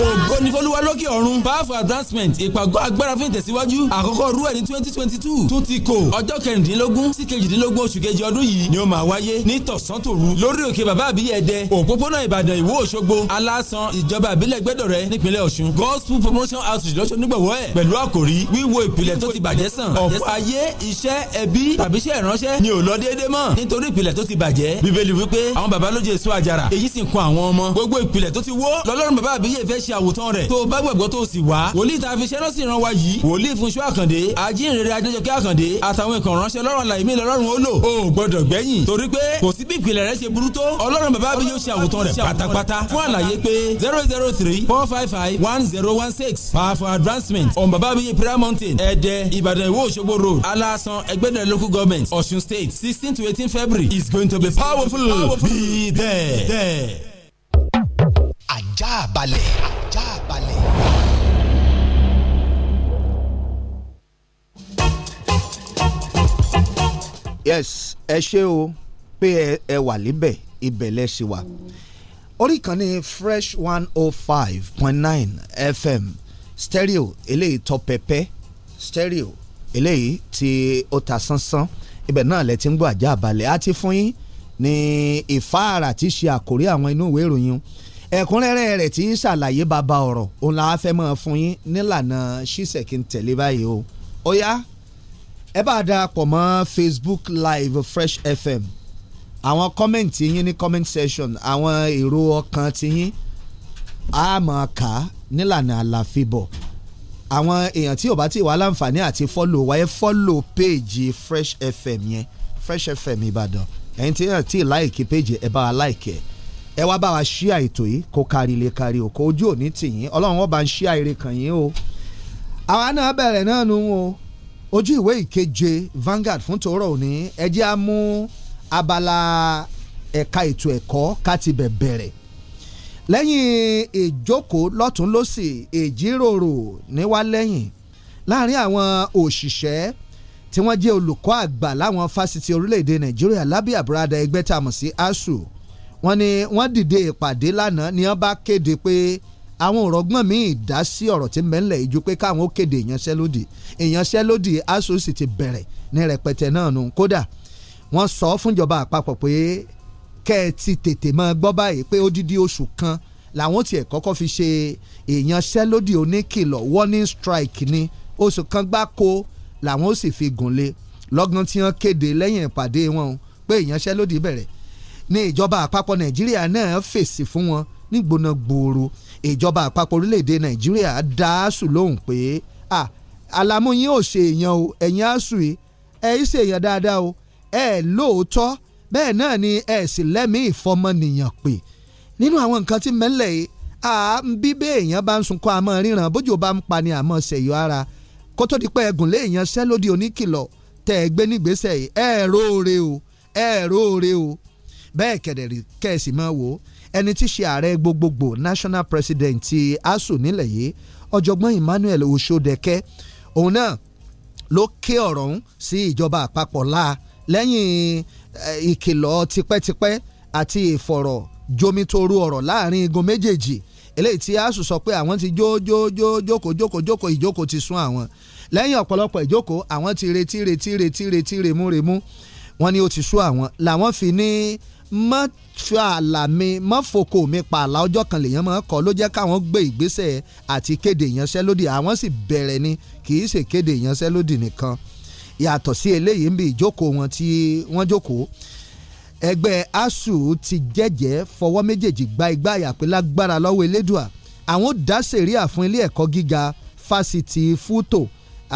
ògo ni fọlúwa lókè ọ̀run power for advancement ìpàgọ́ agbára fún ìtẹ̀síwájú àkọ́kọ́ rú ẹ̀ ní twenty twenty two tún ti kò ọjọ́ kẹrìndínlógún sí kejìdínlógún oṣù kejì ọdún yìí ni ó máa wáyé ní tọ̀sán-tòru lórí òkè bàbá àbíyẹ̀dẹ òpópónà ìbàdàn ìwó òṣogbo alásan ìjọba àbílẹ̀ gbẹ́dọ̀rẹ́ nípínlẹ̀ ọ̀ṣun gospel promotion outreach lọ́sọ̀ nígbàwọ́ ẹ̀ pẹ̀lú àkòrí wíwo ìpìlẹ̀ tó ti bàjẹ́ sàn ọ̀pọ̀ ayé iṣẹ́ ẹbí tàbíṣẹ́ ìránṣẹ́ ni ò lọ déédéé mọ́ nítorí ìpìlẹ̀ tó ti bàjẹ́ bíbélì wípé àwọn baba ló jẹ èso àjàrà èyí sì ń kun àwọn ọmọ gbogbo ìpìlẹ̀ tó ti wó lọ́lọ́run bàbá àbíyè fẹ́ ṣe àwòtán rẹ̀ tó o bá gbàgbọ́ tó o sì wá wòlíì tá a fi ṣẹ́rọ́ sí ìran wa yìí wòlíì Fúnṣọ́ Àkàndé ajínrere Adéjọkẹ́ Àkàndé àtàwọn ìkàn ránṣẹ́ lọ́rọ̀ àlàyé mi lọ́rùn ó lò ó gbọ́dọ̀ gbẹ́yìn torí pé kò sí bí ìpìlẹ̀ rẹ̀ ṣe burú tó ọlọ́run bàbá àbíyè ṣe àwòtán rẹ̀ pátápátá fún àlàyé pé zero zero three four five five one zero one six power for advancement on bàbá àbíyè prayer mountain ẹ̀dẹ̀ Ìbàdàn Ìwó Òṣogbo road alasan ẹgbẹ́dẹ̀ local government Ọ̀ṣun state sixteen to eighteen February is going to be powerful. powerful. Be there. there. Ajabale, Ajabale. yes ẹ ṣé o pé ẹ wà níbẹ̀ ibẹ̀ lẹ ṣì wà orí ìkànnì fresh one oh five point nine fm stereo eléyìí tọ pẹpẹ stereo eléyìí tí ó ta sánsán ibẹ̀ náà lẹ ti ń gbọ́ àjà àbálẹ̀ á ti fún yín ní ìfáàrà tí ṣe àkórí àwọn inú ìwé ìròyìn ẹ̀kúnrẹ́rẹ́ rẹ̀ tí ṣàlàyé bàbá ọ̀rọ̀ òun la fẹ́ mọ́ fún yín nílànà ṣíṣẹ́ kí n tẹ̀lé báyìí o ó yá ẹ bá darapọ̀ mọ́ Facebook Live Fresh FM àwọn kọ́mẹ̀ntì yín ní comment section àwọn èrò ọkàn ti yín a máa kà nílànà àlàfíbọ̀ àwọn èèyàn tí ò bá ti wà láǹfààní àti fọ́lò wa fọ́lò péèjì fresh fm yẹn fresh fm ìbàdàn ẹ̀yin tí yàn tí ì láìkí péèjì ẹ bá wa láìkí ẹ̀ ẹ wá bá wa ṣíà ètò yìí kó kárí ilé kárí òkò ojú òní tìyín ọlọ́run wọn bá ń ṣíà eré kàn yín o àwa náà bẹ̀rẹ̀ náà nu o ojú ìwé ìkeje Vanguard fún tòórọ̀ òní ẹ jẹ́ á abala ẹ̀ka ètò ẹ̀kọ́ ká ti bẹ̀ bẹ̀rẹ̀ lẹ́yìn ìjókòó lọ́tún lọ́sì ìjíròrò níwálẹ́yìn láàrin àwọn òṣìṣẹ́ tí wọ́n jẹ́ olùkọ́ àgbà láwọn fásitì orílẹ̀-èdè nàìjíríà lábẹ́ àbúradà ẹgbẹ́ tá a mọ̀ sí asuu wọ́n ní wọ́n dìde ìpàdé lánàá ni wọ́n bá kéde pé àwọn òrọ̀gbọ́n míì dá sí ọ̀rọ̀ tí mẹ́lẹ̀ ìjú pé káwọn ó kéde ìyanṣẹ́lódì ìyanṣẹ́lódì asuu sì ti bẹ̀rẹ̀ ní rẹpẹtẹ náà nù kódà wọ́n sọ fúnjọba àpapọ̀ pé kẹ́ ẹ ti tètè máa gbọ́ báyìí pé odidi oṣù kan làwọn tiẹ̀ kọ́kọ́ fi ṣe ìyanṣẹ́lódì oníkìlọ̀ warning strike ni oṣù kan gbáko làwọn ó sì fi gùn lé lọ́gán tí wọ́n kéde lẹ́yìn ìpàdé wọn pé ìyanṣẹ́lódì bẹ̀rẹ̀ ní ìjọba àpapọ̀ nàìjíríà náà fèsì fún wọn ní gbóná gbòòrò ìjọba àpapọ̀ orílẹ̀-èdè nàìjíríà dá àṣù lóhùn pé ah àlàmú yín ò ṣe èèyàn o ẹ̀yin àṣù yìí ẹ̀ ń ṣe èèyàn dáadáa o ẹ̀ lóòótọ́ bẹ́ẹ̀ náà ni ẹ̀sìn lẹ́mìí ìfọmọnìyàn pè nínú àwọn nǹkan tí mẹ́lẹ̀ yìí à ń bí bẹ́ẹ̀ èèyàn bá ń sunkọ́ àmọ́ ríran bójú bá ń pa ni àmọ́ ṣèyọ ara kó tó di pé ẹgùn lé èèyàn sẹ́lódì oníkìlọ̀ tẹ̀ ẹ́ gbé nígbésẹ̀ yìí ẹ̀ róore o ẹ̀ róore o bẹ́ẹ̀ kẹ̀dẹ̀rì kẹ́ẹ̀sì máa wò ó ẹni tí ṣe ààrẹ gbogbogbò national president ti ASUU nílẹ̀ yìí ọ̀jọ̀gbọ́n Emmanuel Osodeke òun náà ló ké ọ̀rọ̀ ọ̀hún sí ìjọba àpapọ̀ láà lẹ́yìn Eh, ìkìlọ̀ tipẹ́tipẹ́ àti ìfọ̀rọ̀ jomitoro ọ̀rọ̀ láàrin igun méjèèjì eléyìí tí asu sọ pé àwọn ti jó jó jó jókòó jókòó jókòó ìjókòó ti sún àwọn lẹ́yìn ọ̀pọ̀lọpọ̀ ìjókòó àwọn ti retí retí retí retí remú remú wọ́n ní ó ti sún àwọn làwọn fi ní mọ́ fi àlà mi mọ́ fòkò mi pààlà ọjọ́ kan lèèyàn máa kọ́ ló jẹ́ káwọn gbé ìgbésẹ̀ àti kéde ìyanṣẹ́lódì àwọn sì bẹ̀rẹ̀ ni kì í ṣe kéde ìyanṣẹ́lódì nìkan yàtọ̀ sí eléyìí ń bí ìjókòó wọn tí wọ́n jókòó ẹgbẹ́ ASUU ti jẹ́jẹ́ fọwọ́ méjèèjì gba igbá àyàpé lágbára lọ́wọ́ elédùà àwọn dá sẹ̀ríà fún ilé ẹ̀kọ́ gíga fásitì fútó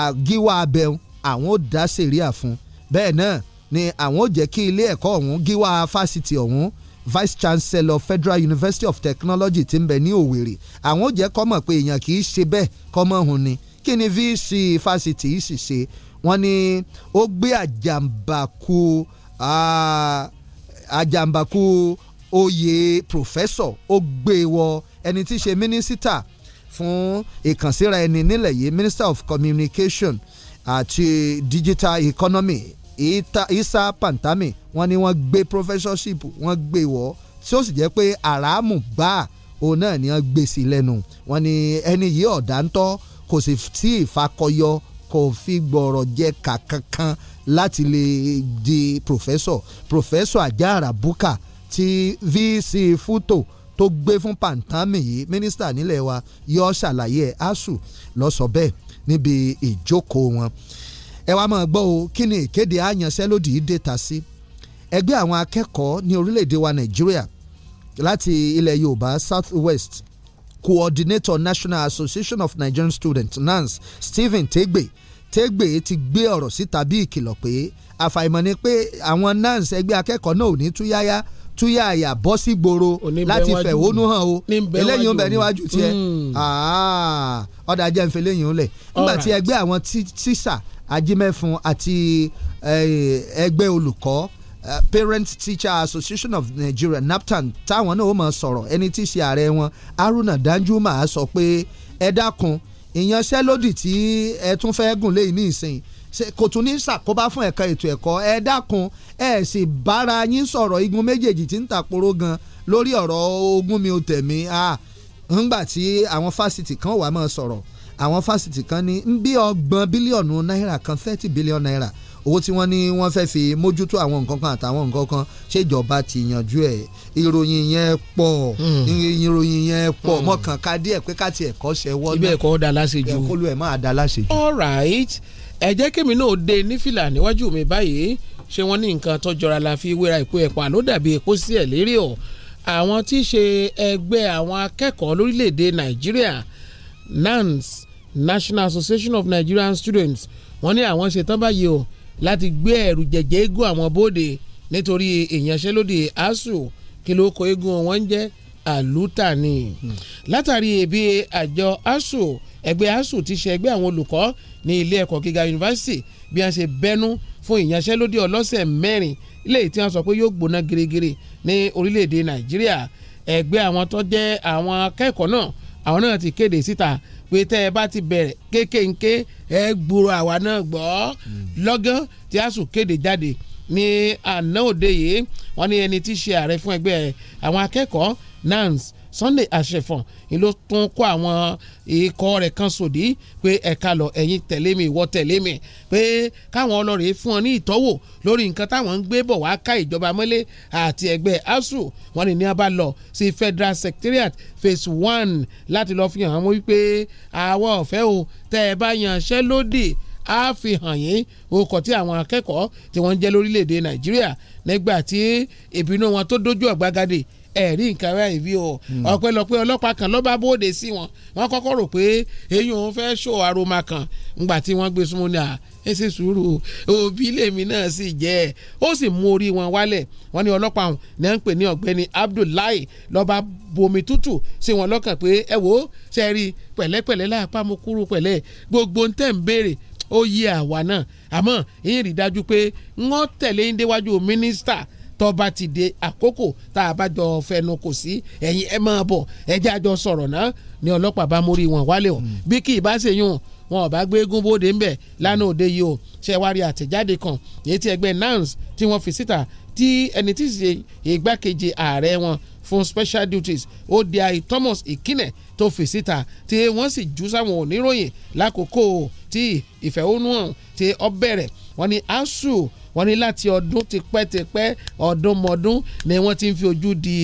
àgíwá abẹ́hùn àwọn dá sẹ̀ríà fún bẹ́ẹ̀ náà ni àwọn ò jẹ́ kí ilé ẹ̀kọ́ ọ̀hún gíwá fásitì ọ̀hún vice chancellor federal university of technology ti ń bẹ ní Òwèrè àwọn ò jẹ́ kọ́ mọ̀ pé èèyàn kì í ṣe bẹ́ẹ̀ kọ́ mọ̀ hùn ni kí ni vc fásitì yìí sì ṣe wọ́n ní ó gbé àjàmbákú àjàmbákú oyè pòfẹ́sọ̀ ó gbé e wọ ẹni tí í ṣe mínísítà fún ìkànsíra ẹni nílẹ̀ yìí minister of communication àti digital economy Isa Pantami wọ́n ní wọ́n gbé professorship wọ́n gbé e wọ tí ó sì jẹ́ pé àràámù gbáà òun náà ni wọ́n gbé sí lẹ́nu wọ́n ní ẹni yìí ọ̀dà ń tọ́ kò sì tí ì fakọyọ kò fi gbọ̀rọ̀ jẹ kà kankan láti lè di pòfẹ́sọ̀ pòfẹ́sọ̀ àjàrà bùkà ti vc fútó tó gbé fún pàǹtámì yìí mínísítà nílẹ̀ wa yọ ṣàlàyé ẹ̀ asuu ló sọ bẹ́ẹ̀ níbi ìjókòó wọn ẹ wá máa gbọ́ o kí ni ìkéde àyànṣẹ́lódì yìí dé ta sí ẹgbẹ́ àwọn akẹ́kọ̀ọ́ ní orílẹ̀‐èdè wa nàìjíríà láti ilẹ̀ yorùbá south west coordinator national association of nigerian students nans stephen tegbe tẹ́gbẹ̀ ti gbé ọ̀rọ̀ síta bí ìkìlọ̀ pé àfàìmọ̀ ni pé àwọn nans ẹgbẹ́ akẹ́kọ̀ọ́ náà ò ní túyáyá túyà àyà bọ́ sí gbòòrò láti fẹ̀hónú hàn o eléyìí ń bẹ níwájú tiẹ̀ hmm. ọ̀dà jẹ́ nfẹ̀ léyìí ń lẹ̀ nígbà tí ẹgbẹ́ àwọn tíṣà ajímẹ́fun àti ẹgbẹ́ olùkọ́ Parent Teacher Association of Nigeria NAPTAN táwọn náà ó mọ̀ sọ̀rọ̀ ẹni tí í ṣe ìyanṣẹ́lódì tí ẹ tún fẹ́ gùn léyìn ní ìsìn kò tún ní ṣàkóbá fún ẹ̀ka ètò ẹ̀kọ́ ẹ dákun ẹ sì bára yín sọ̀rọ̀ igun méjèèjì tí ń tàporó gan lórí ọ̀rọ̀ ogún mi ò tẹ̀mí ńgbà tí àwọn fásitì kan wà máa sọ̀rọ̀ àwọn fásitì kan ní bí ọgbọ̀n bílíọ̀nù náírà kan thirty billion naira owó tí wọ́n ní wọ́n fẹ́ fi mójútó àwọn nǹkan kan àtàwọn nǹkan kan ṣèjọba ti yanjú ẹ̀ ìròyìn yẹn pọ̀ hmm. ìròyìn yẹn pọ̀ mọ̀kàn hmm. díẹ̀ pé ká tiẹ̀ ṣe wọ́n náà ibẹ̀ kọ́ da láṣejù ẹ̀kọ́ lu ẹ̀ máa da láṣejù. all right ẹ jẹ́ kémi náà dé nífìlà níwájú mi báyìí ṣé wọ́n ní nǹkan tó jọra la fi wéra ìpò ẹ̀pà ló dàbí epo sí ẹ̀ lérí o àwọn tí í ṣe ẹgbẹ́ àwọn akẹ́kọ̀ọ́ lórílẹ̀‐èdè nàìjíríà NANS National Association of Nigerian Students wọ́n ní àwọn ṣetán báyìí o láti gbé ẹ̀rù jẹ̀jẹ̀ eégún àwọn bóde nítorí ìyanṣẹ́lódì asuu kí ló kọ eégún wọn ń àlùtà ni. Hmm. látàrí ebi àjọ asuu ẹgbẹ́ asuu ti ṣe ẹgbẹ́ àwọn olùkọ́ ní ilé ẹ̀kọ́ gíga yunifásitì bí wọ́n ṣe bẹ́nu fún ìyanṣẹ́lódì ọlọ́sẹ̀ mẹ́rin ilé tí wọ́n sọ pé yóò gbóná girigiri ní orílẹ̀-èdè nàìjíríà ẹgbẹ́ àwọn tó jẹ́ àwọn akẹ́kọ̀ọ́ náà àwọn náà ti kéde síta pé tẹ́ ẹ bá ti bẹ̀rẹ̀ kékèké ẹ gbúrò àwa náà gbọ́ hmm. lọ́gán tí ASUU kéde jáde ní àná òde yìí wọ́n ní ẹni tí í ṣe ààrẹ fún ẹgbẹ́ àwọn akẹ́kọ̀ọ́ NANS Sunday àṣẹfọ̀n ni ló tún kó àwọn ikọ̀ rẹ̀ kan sòdí pé ẹ̀ka lọ ẹ̀yin tẹ̀lé mi ìwọ tẹ̀lé mi pé káwọn ọlọ́rẹ̀ fún ọ ní ìtọ́wò lórí nǹkan táwọn ń gbé bọ̀ wá ká ìjọba mọ́lé àti ẹgbẹ́ ASUU wọn ni ní a bá lọ sí Federal Secretariat phase one láti lọ́ọ́ fi hàn wọ́n wípé àwa ọ̀fẹ́ o tẹ́ ẹ bá yanṣẹ́ lódì a fi hàn yín okọ̀ tí àwọn akẹ́kọ̀ọ́ tí wọ́n ń jẹ́ lórílẹ̀‐èdè Nàìjíríà nígbà tí ìbínú wọn tó dojú ọ̀gbagadè ẹ̀rí nǹkan báyìí bí o ọ̀pẹ̀lọpẹ̀ hmm. ọlọ́pàá kan ló bá bóde sí wọn wọ́n kọ́kọ́ rò pé eyín òun fẹ́ ṣò aroma kan ngbà tí wọ́n gbé súnmọ́ ní à ẹ ṣe sùúrù òbí lèmi náà sì jẹ́ ẹ̀ ó sì mú orí wọn wálẹ̀ wọ́n ní ọlọ́pàá ọ̀hún ní ń pè ní ọ̀gbẹ́ni Abdullahi ló bá bomi tútù sí wọn lọ́kàn pé ẹ wò ó ṣe rí pẹ̀lẹ́pẹ̀lẹ́ láàpá mo kúrú pẹ̀lẹ́ gbogbo ń tẹ̀ ń béèrè ó yẹ àwa náà àmọ́ ìyìn rí dájú pé wọ́n tẹ̀lé ń déwájú mínísítà tó bá ti dé àkókò tá a bá jọ fẹnu kò sí ẹ̀yin ẹ máa bọ̀ ẹjẹ́ àjọ sọ̀rọ̀ náà ni ọlọ́pàá bá mórí wọn wálé o hmm. bí kì í bá ṣe yún wọn ò bá gbé eégún bóde ńbẹ lánàá òde yìí o ṣẹwárí àtẹ̀jáde kan èyí tí ẹgbẹ́ NANS tí wọ́n fi síta tí ẹni tí ṣe ìgbákejì ààrẹ wọn fún special duties odi thomas ikine tó fi síta tí wọ́n sì jù sáwọn oníròyìn lákòókò tí ìfẹ̀hónúhàn tí ó bẹ̀rẹ̀ wọ́n ní asu wọ́n ní láti ọdún tipẹ́tipẹ́ ọdúnmọ́dún ni wọ́n ti ń fi ojú di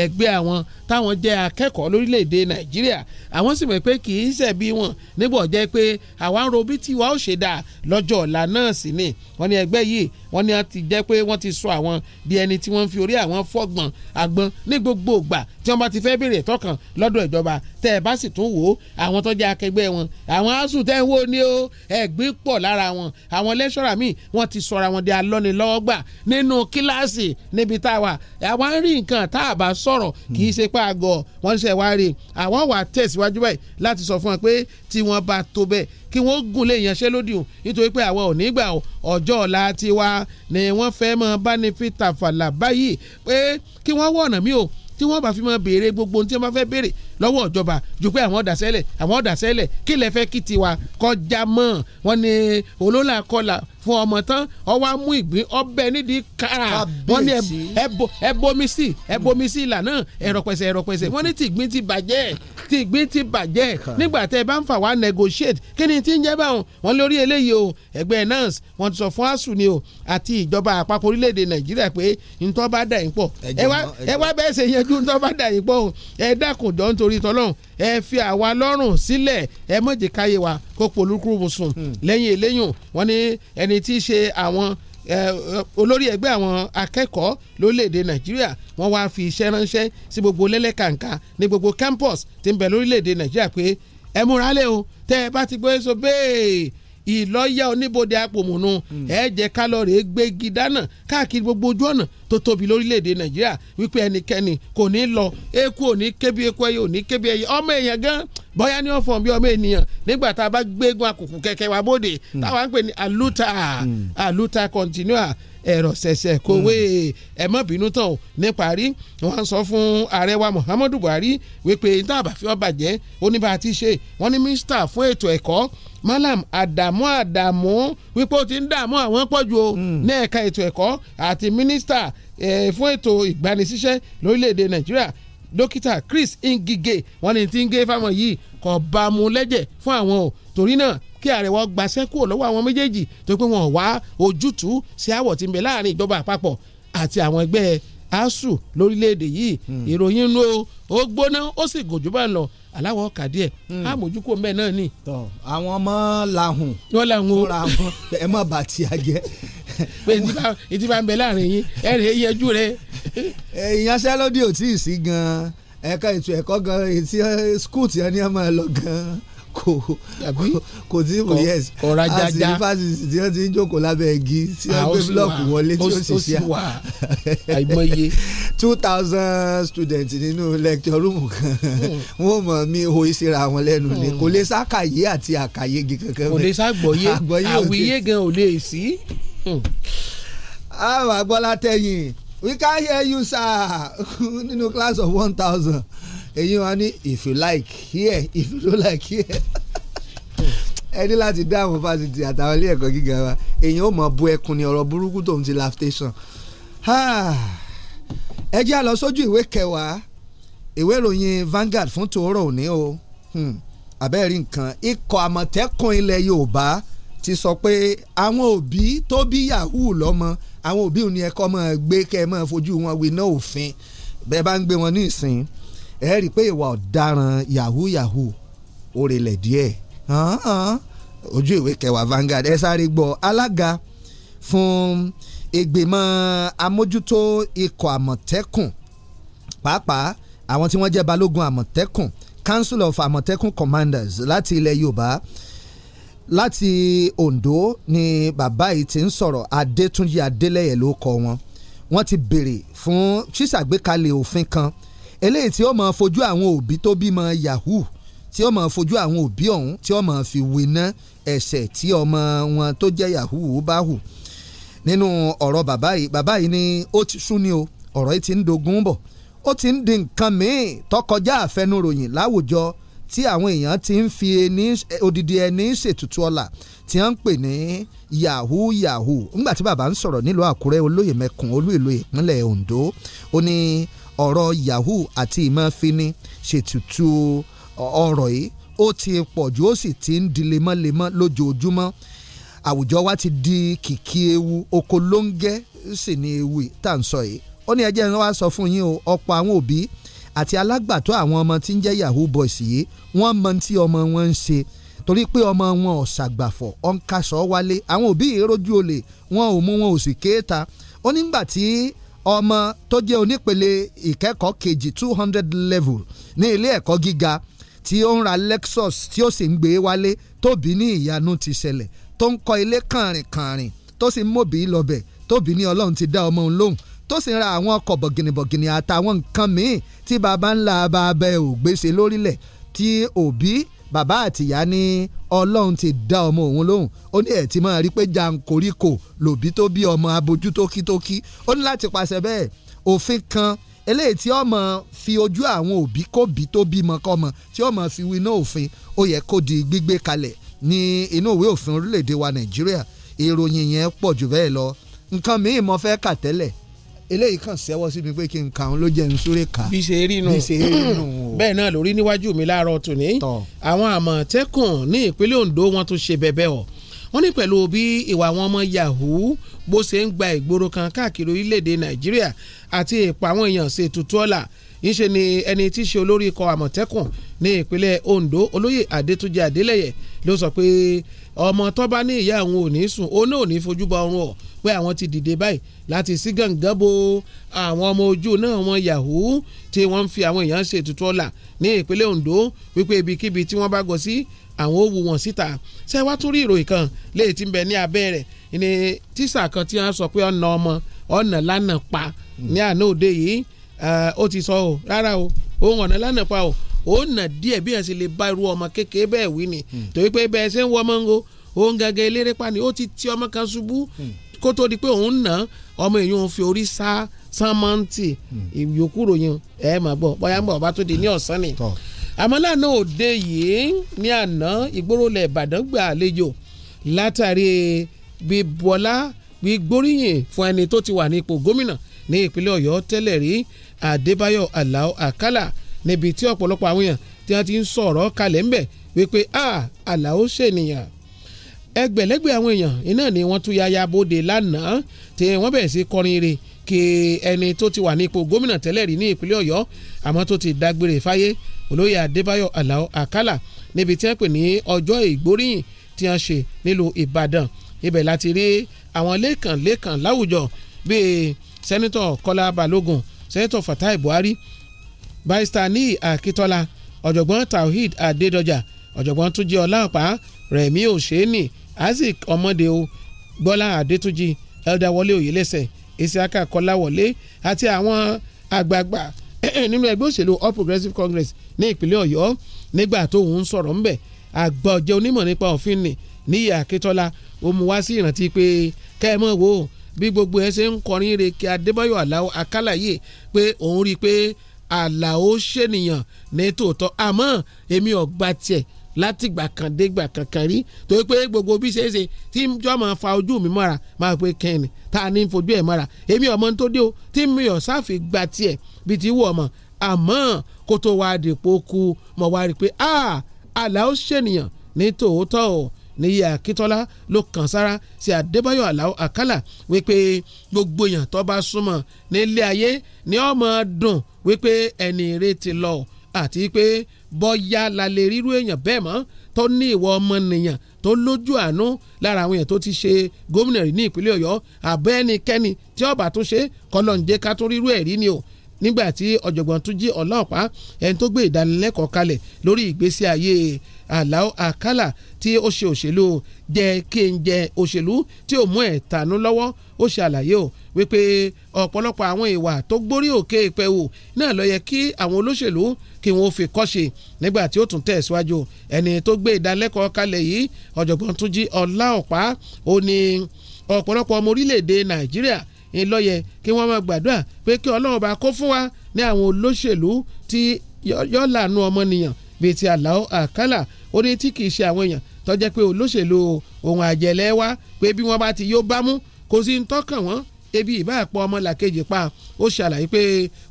ẹgbẹ́ àwọn táwọn jẹ́ akẹ́kọ̀ọ́ lórílẹ̀‐èdè nàìjíríà àwọn sì mọ̀ pé kì í ṣẹ̀bi wọn nígbà jẹ́ pé àwa ń ro bí tiwa ó ṣe dà lọ́jọ́ ọ̀la náà sì ni wọ́n ní ẹgbẹ́ yìí wọ́n ní ti jẹ́ pé wọ́n ti sọ àwọn bí ẹni tí wọ́n ń fi orí àwọn fọ́gbọ̀n àgbọn ní gbogbo ìgbà tí wọ́n bá ti fẹ́ béèrè tọkàn lọ́dọ̀ ìjọba tẹ́ ẹ bá sì tún wò ó àwọn tó jẹ́ akẹgbẹ́ wọn àwọn asùn tẹ́ ń wò ni ó ẹ̀gbín pọ̀ lára wọn àwọn lẹ́ṣọ́rà míì wọ́n ti sọra wọn di alọ́nilọ́wọ́gbà nínú kíláàsì níbi tá a wà àwa ń rí nǹkan tá a bá sọ̀rọ̀ kì í ṣe pé àgọ́ wọ́n ṣe wá rí àwọn wà tẹ̀síwájú báyìí láti sọ fún wa pé tí wọ́n bá tó bẹ́ẹ̀ kí wọ́n gùn lè yanṣẹ́ o nítorí pé àwa ò ní gbà ọjọ́ ọ̀la tiwa ni wọ́n fẹ́ mọ báni fi tàfàlà báyìí pé kí wọ́n wọ̀ ọ̀nà o tí wọ́n bá fi mọ béèrè gbogbo ohun tí wọ́n bá fẹ́ béèrè lọ́wọ́ ìjọba ju pé àwọn ọ̀dàsẹ́lẹ̀ àwọn ọ̀dàsẹ́lẹ̀ kí lẹ fẹ́ kí tiwa kọjá mọ́ wọn ni olólà kọlà fún ọmọ tán ọwọ́ amú ìgbín ọbẹ̀ nídìí kára wọn ni ẹbomi sí ẹbomi sí ìlà náà ẹ̀rọ̀pẹ̀sẹ̀ ẹ̀rọ̀pẹ̀sẹ̀ wọn ni tìgbín ti bàjẹ́ tìgbín ti bàjẹ́ nígbà tẹ́ ẹ bá ń fà wá negotiate kí ni tí ń jẹ́ báwọn wọn lórí eléyìí o ẹgbẹ́ nurse wọn ti sọ fún asu ni o àti ìjọba àpapọ̀ orílẹ̀-èdè nàìjíríà pé ntọ́ bá dà yín pọ̀ ẹ wá bẹ́ẹ̀ ṣe yẹjú ntọ́ bá dà yín pọ̀ ẹ dákun jọ́ nt nítorí tọ́lọ́run ẹ fi àwa lọ́rùn sílẹ̀ ẹ mọ̀jẹ̀ wa kó polúkú musùn hmm. lẹ́yìn eléyùn wọ́n ní ẹni tí í ṣe àwọn olórí ẹgbẹ́ àwọn akẹ́kọ̀ọ́ lórílẹ̀‐èdè nàìjíríà wọ́n wáá fi iṣẹ́ ránṣẹ́ sí gbogbo lẹ́lẹ́kàǹkà ní gbogbo campus tí ń bẹ lórílẹ̀‐èdè nàìjíríà pé ẹ múra lé o tẹ́ ẹ bá ti gbé so bẹ́ẹ̀ ìlọ́yà oníbodè apòmùnú hmm. ẹ jẹ́ kálọ̀rì gbégi dáná káàkiri gbogbo ojú ọ̀nà tó tóbi lórílẹ̀‐èdè nàìjíríà wípé ẹnikẹ́ni kò ní lọ eku ò ní kébi eku ẹyẹ ò kébi ẹyẹ ọmọ èèyàn gan-an bóyá ní ọ̀fọ̀n bí ọmọ ènìyàn nígbà tá a bá gbégun àkùkù kẹ̀kẹ́ wa bóde hmm. táwa ń pè ní aluta hmm. aluta continua ẹ̀rọ ṣẹ̀ṣẹ̀ kòwé hmm. ẹ má bínú tán o ní parí wọ́n sọ fún ààrẹ wa Muhammadu Buhari wípé níta àbàfẹ́ ọbàjẹ́ oníbà ti ṣe wọ́n ní mínísítà fún ètò ẹ̀kọ́ Malam Adamu Adamu wípé ó ti ń dààmú àwọn pọ̀jù o ní ẹ̀ka ètò ẹ̀kọ́ àti mínísítà fún ètò ìgbanisíṣẹ́ lórílẹ̀‐èdè Nàìjíríà dókítà Chris Ngige wọn ní ti ń gé fáwọn yìí kò bá mu lẹ́jẹ̀ fún àwọn o torí náà kí ààrẹ wọn gbaṣẹ́ kúrò lọ́wọ́ àwọn méjèèjì tó pé wọn wá ojútùú sí àwọ̀ tí ń bẹ láàrin ìjọba àpapọ̀ àti àwọn ẹgbẹ́ asuu lórílẹ̀‐èdè yìí hmm. ìròyìn inú ó gbóná ó sì gòjú bá lọ aláwọ̀ ọ̀kà díẹ̀ hmm. àmójúkò mbẹ́ náà ni. tọ àwọn ọmọ làhùn. wọn làhùn o ẹ mọ bàtì àjẹ pé etí bá ń bẹ láàrin yín ẹ rè é yẹjú rẹ. ìyanṣẹ́lódì ò tí ì sí gan-an ẹ̀ka ètò ẹ̀kọ́ gan-an etí skul tí wọ́n ní ọmọ ẹ lọ gan-an kò kò tí kò yẹs ọ̀rá jájá àti yunifásitì tí wọ́n ti ń jókòó lábẹ́ igi tí wọ́n gbé ah, búlọ́ọ̀kù wọlé tí ó sì ṣe àìmọye. two thousand students nínú lecture room kan hmm. wọ́n mọ̀ mí ho ìsira wọn lẹ́nu ni hmm. kò lè sákàyé àti àkàyé kankan. kò lè ságbọ̀yé àwíyé gan ò lè sí àwọn agbọ́lá tẹ̀yìn we can hear you sir nínú class of one thousand èyí wọn ní if you like here if you don't like here ẹ ní láti dáhùn fásitì àtàwọn ilé ẹ̀kọ́ gíga wa èyàn ò mọ̀ bu ẹkùn ní ọ̀rọ̀ burúkú tó ń ti la station ẹ jẹ́ àlọ́ sójú ìwé kẹwàá ìwé ìròyìn Vanguard fún tòórọ̀ òní o hmm. abẹ́rẹ́ nǹkan ikọ̀ àmọ̀tẹ́kùn ilẹ̀ Yorùbá ti sọ pé àwọn òbí tó bí yahoo lọ́mọ àwọn òbí òní ẹ̀kọ́ máa gbé kẹ́ ẹ máa fojú wọn winá òfin bẹ́ẹ̀ bá ń gbé wọn ní ìsìn ẹ rí i pé ìwà ọ̀daràn yahoo yahoo ó relẹ̀ díẹ̀ ojú ìwé kẹwàá Vanguard ẹ sáré gbọ́ alága fún ìgbìmọ̀ amójútó ikọ̀ àmọ̀tẹ́kùn pàápàá àwọn tí wọ́n jẹ́ balógun àmọ̀tẹ́kùn Council of Àmọ̀tẹ́kùn Commanders láti ilẹ̀ Yorùbá láti Ondo ni bàbá yìí ti ń sọ̀rọ̀ Adétúnjì Adélẹ́yẹ ló kọ wọn wọ́n ti béèrè fún ṣíṣàgbékalẹ̀ òfin kan eléyìí tí ó máa fojú àwọn òbí tó bímọ yahoo tí ó máa fojú àwọn òbí ọ̀hún tí ó máa fi wéná ẹ̀ṣẹ̀ tí ọmọ wọn tó jẹ́ yahoo bá hù nínú ọ̀rọ̀ bàbá yìí bàbá yìí ni ó ti sún ni o ọ̀rọ̀ yìí ti ń dogun bọ̀ ó ti ń di nǹkan míì tó àfẹnuròyìn láwùjọ tí àwọn èèyàn ti ń fi ẹni odidi ẹni ṣètùtù ọlà tí wọ́n ń pè ní yahoo yahoo ńgbà tí bàbá ń sọ̀rọ̀ nílùú àkúrẹ́ olóyè mẹ́kùn olú ìlú ìpínlẹ̀ ondo ó ní ọ̀rọ̀ yahoo àti ìmọ̀fini ṣètùtù ọ̀rọ̀ yìí ó ti pọ̀ jù ó sì ti ń di lemọ́lemọ́ lójoojúmọ́ àwùjọ wa ti di kìkì ewu oko lóńgẹ́ sì ni ewu tá à ń sọ yìí ó ní ẹjẹ́ ń wá sọ fún yín o ọ̀pọ̀ àwọn òbí àti alágbàtọ́ àwọn ọmọ tí ń jẹ́ yahoo boys yìí wọ́n mọ tí ọmọ wọn ń ṣe torí pé ọmọ wọn ò ṣàgbàfọ̀ ọ̀nkàṣọ́ wálé àwọn òbí ìrójú olè wọn ò mú wọn ò sì kéèta ó nígbà tí ọmọ tó jẹ́ onípele ìkẹ́kọ̀ọ́ kejì two hundred level ní ilé ẹ̀kọ́ gíga tí ó ń ra Lexus tí ó sì ń gbé wálé tóbi ní ìyanu ti ṣẹlẹ̀ tó ń kọ́ ilé kàrìnkàrìn tó sì ń mòbí lọ́bẹ̀ tóbi ní Ọlọ́run ti dá ọmọ òun lóhùn tó sì ń ra àwọn ọkọ̀ bọ̀gìnìbọ̀gìnì àtàwọn nǹkan míì tí baba ńlá bàbá ẹ̀ ò gbèsè lórílẹ̀ tí òbí bàbá àtìyá ní ọlọ́run ti dá ọmọ òun lóhùn ó ní ẹ̀ tí máa rí pé jankoríko lòbí tó bí ọmọ abojú tókítókí ó ní láti pàṣẹ bẹ́ẹ̀ òfin kan eléyìí tí ọmọ fi ojú àwọn òbí kóbi tó bímọ kọ́mọ tí ọmọ fi winá òfin ó yẹ kó di gbígbé kalẹ̀ ní inú ìwé òfin orílẹ̀-èdè wa nàìjíríà ìròyìn yẹn pọ̀ jù bẹ́ẹ̀ lọ nǹkan míì mo fẹ́ kà tẹ́lẹ̀ eléyìí kàn sẹ́wọ́ síbi pé kí n kà ń ló jẹ́ n súré kà. bí ṣe rí nù bẹ́ẹ̀ náà lórí níwájú mi láàárọ̀ tòní àwọn àmọ̀tẹ́kùn ní ìpínlẹ̀ Ondo wọn tún ṣe bẹ̀bẹ̀ ọ̀ wọ́n ní pẹ̀lú bí ìwà àwọn ọmọ yahoo bó ṣe ń gba ìgboro kan káàkiri orílẹ̀-èdè Nàìjíríà àti ìpa èèyàn ṣe ọ̀la ńṣe ni ẹni tí í ṣe olórí ikọ̀ àmọ̀tẹ́kùn ní ìpínlẹ̀ Ondo olóyè Adétúnjì Adélẹ́yẹ ló sọ pé ọmọ tó bá ní ìyá àwọn ò ní sùn òun náà ò ní fojú bọ ọrùn ọ̀ pé àwọn ti dìde báyìí láti sí gàngán bo àwọn ọmọ ojú náà wọn yahoo tí wọ́n ń fi àwọn èèyàn ṣe ètùtù ọ̀la ní ìpínlẹ̀ Ondo wípé ibikíbi tí wọ́n bá gọ sí àwọn ó wu wọn síta ṣé wàá tún rí ìròyìn kan léyìí tí ń bẹ ní abẹ́ rẹ̀ ni tíṣà kan tí wọ́n sọ pé ọ̀nà ọmọ ọ̀nà lánàá pa ní àná òde yìí ó ti sọ ọ́ rárá o òun ọ̀nà lánàá pa o ó nà díẹ̀ bí yẹn sì lè bá irú ọmọ kékeré bẹ́ẹ̀ wí ni hmm. torí pé bẹ́ẹ̀ ṣe ń wọ mọ́ngò òun gẹ́gẹ́ eléré pani ó ti ti ọmọ kan ṣubú hmm. kó tó di pé òun nà ọmọ èèyàn òun fi orí sá sámọ́ǹtì hmm. ìyókù ròyìn ẹ̀ mà bọ̀ bóyá ń bọ̀ bá tó di ní ọ̀sán ni àmọ́ lánàá òde yìí ní àná ìgboro ilẹ̀ Ìbàdàn gbà àlejò látàrí bí Bọ́lá gbígbóríyìn fún ẹni tó ti wà ní ipò gómìnà ní ìpínlẹ̀ Ọ̀yọ́ tẹ́lẹ̀ rí Adébáyọ̀ Aláò Àkàlà níbi tí ọ̀pọ̀lọpọ̀ àwọn èèyàn tí wọ́n ti ń sọ̀rọ̀ kalẹ̀ ńbẹ̀ wípé àlàó ṣènìyàn ẹgbẹ̀lẹ́gbẹ̀ àwọn èèyàn iná ni wọ́n tún yaya bóde lánàá tí wọ́n bẹ̀rẹ̀ sí kọrin rè kí ẹni tó ti wà ní ipò gómìnà tẹ́lẹ̀ rí ní ìpínlẹ̀ ọ̀yọ́ àmọ́ tó ti dágbére fáyé olóyè adébáyọ̀ àlàó àkàlà níbi tí wọ́n pè ní ọjọ́ ìgbóríyìn tí wọ́n ṣe nílùú ìbàdàn ibẹ̀ láti rí àwọn lẹ́kànlẹ́kàn láwùjọ bíi sẹ́nitọ̀ kọ́lá balógun sẹ́nitọ̀ fatai buhari Baistani akitola ọ̀jọ̀gbọ́n taoheed adedoja, ọ̀jọ̀gbọ́n túnjí ọláọ̀pá rẹ̀mí òṣèènì isaac ọmọdé o gbọ́lá adétúnjì ẹ̀dáwọlé òyìnlẹ́sẹ̀ isiaka kọláwọlé àti àwọn àgbààgbà nínú ẹgbẹ́ òṣèlú all progressives congress ní ìpínlẹ̀ ọ̀yọ́ nígbà tó ń sọ̀rọ̀ ńbẹ̀ àgbà ọ̀jẹ̀ onímọ̀ nípa òfin nì níyì akitola ó mú wá sí ìrántí pé kẹ́ẹ̀mọ́ wo bí gbogbo ẹ ṣe ń kọrin rèké adébáyọ̀ aláwọ̀ akálàyé pé òun rí i pé àlàó ṣènìyàn ní tòótọ́ àmọ́ èmi ò gba tiẹ̀ láti gbà kan dé gbà kankan rí torí pé gbogbo bí ṣeé ṣe tí jọ́ máa fa ojú mi mọ́ra máa pe kẹ́ni tá a ní fojú ẹ̀ mọ́ra èmi ọmọ tó dé o tí mi ò sáfì gba tiẹ̀ bíi ti wù ọmọ àmọ́ kó tó wá dìpọ̀ ku mọ̀ wá rí i pé àlàó ṣènìyàn ní tòótọ́ o níyì akíntola ló kàn sára sí adébáyọ̀ aláò àkàlà wípé gbogbo èèyàn tó bá súnmọ́ nílé ayé ni ó máa dùn wípé ẹni rẹ ti lọ àti pé bọ́yá la lè rírú èèyàn bẹ́ẹ̀ mọ́ tó ní ìwọ ọmọnìyàn tó lójú àánú lára àwọn èèyàn tó ti ṣe gómìnà rí ní ìpínlẹ̀ ọ̀yọ́ àbẹ́ ẹnikẹ́ni tí ó bá tún ṣe kọlọ́njẹ́ ká tó rírú ẹ̀rí ni o nígbà tí ọ̀jọ̀gbọ́n Túnjí Ọlọ́pàá ẹni tó gbé ìdánilẹ́kọ̀ọ́ kalẹ̀ lórí ìgbésí ayé Alao Akala tí ó ṣe òṣèlú jẹ kí n jẹ òṣèlú tí ò mú ẹ̀ tànú lọ́wọ́ ó ṣe àlàyé o wípé ọ̀pọ̀lọpọ̀ àwọn ìwà tó gbórí òkè ìpẹ̀wò náà ló yẹ kí àwọn olóṣèlú kí wọ́n fi kọ́ṣe nígbà tí ó tún tẹ̀síwájú ẹni tó gbé ìdálẹ́kọ̀ọ́ kalẹ̀ yìí ọ̀jọ̀gbọ́n Túnjí Ọláọ̀pá ó ní ọ̀pọ̀lọpọ̀ ọmọ orílẹ̀-èdè Nàìjíríà ńlọ́yẹ kí wọ́n máa gbàdúrà pé kí Ọlọ́run bá kó fún wa ní àwọn olóṣèlú tí yọ́ọ̀lànà ọmọnìyàn bíi ti Alao Akala ó ní tí kìí ṣe àwọn èèyàn tó jẹ́ pé olóṣèlú ohun àjẹlẹ̀ wá pé bí wọ́n bá ti yóò bámú kò sí ń tọ́kàn wọ́n ebi ìbá àpọ̀ ọmọlàkejì pa ó ṣàlàyé pé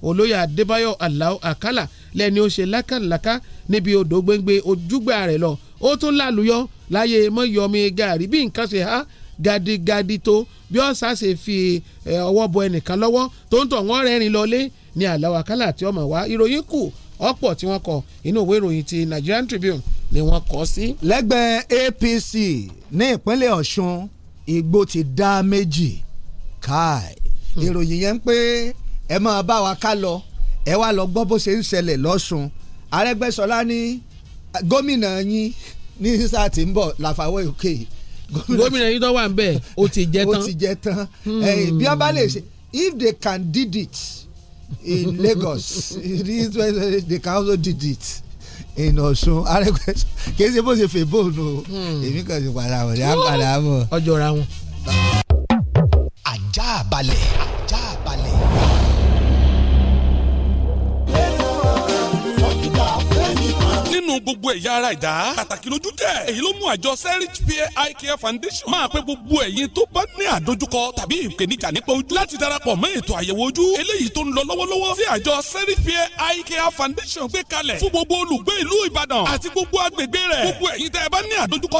olóyè Adébáyọ̀ Alao Akala lẹ́ni ó ṣe lákàlàkà níbi odò gbéngbé ojúgbà rẹ̀ lọ ó tún lálùyọ́ láyé mọ́yọmi gàrí bí nǹkan ṣe há gadigadi tó bí ọ̀sà ṣe fi ọwọ́ bọ ẹnìkan lọ́wọ́ tó ń tọ̀ wọ́n rẹ́rìn lọlé ní Alao Akala tí ọmọ wa ìròyìn kù ọ̀pọ̀ tí wọ́n kọ inú ìwé ìròyìn ti Nigerian Tribune ni wọ́n kọ sí. lẹ́gbẹ̀ẹ́ APC ní ìpínlẹ̀ Ọ̀ṣun igbó ti dá méjì káì hmm. ìròyìn yẹn ń pé ẹ máa bá wa ká lọ ẹ wá lọ gbọ́ bó ṣe ń ṣẹlẹ̀ lọ́sùn Arẹ́gbẹ́ṣọlá ní gómìnà yín ní sáà tí ń bọ̀ làfàwọ̀ òkè gómìnà yín tó wà ń bẹ̀ ó ti jẹ́ tán ó ti jẹ́ tán hmm. bí wọ́n bá lè ṣe if they can did it in Lagos they the council did it in Ọ̀ṣun arẹgbẹ kì í ṣe bó ṣe fè bóònù o hmm. èmi kàn ṣe padà wọlé àpàdà bọ. ọjọ́ ra wọn. ajá balẹ̀. nínú gbogbo ẹ̀yà ara ìdá pàtàkì lójú tẹ̀ èyí ló mú àjọ serich peer eye foundation máa pé gbogbo ẹ̀yin tó bá ní àdójúkọ tàbí ìpèníjà nípa ojú láti darapọ̀ mọ́ ètò àyẹ̀wò ojú eléyìí tó ń lọ lọ́wọ́lọ́wọ́ sí àjọ serich peer eye foundation gbé kalẹ̀ fún gbogbo olùgbé ìlú ìbàdàn àti gbogbo agbègbè rẹ̀ gbogbo ẹ̀yin tẹ́ ẹ bá ní àdójúkọ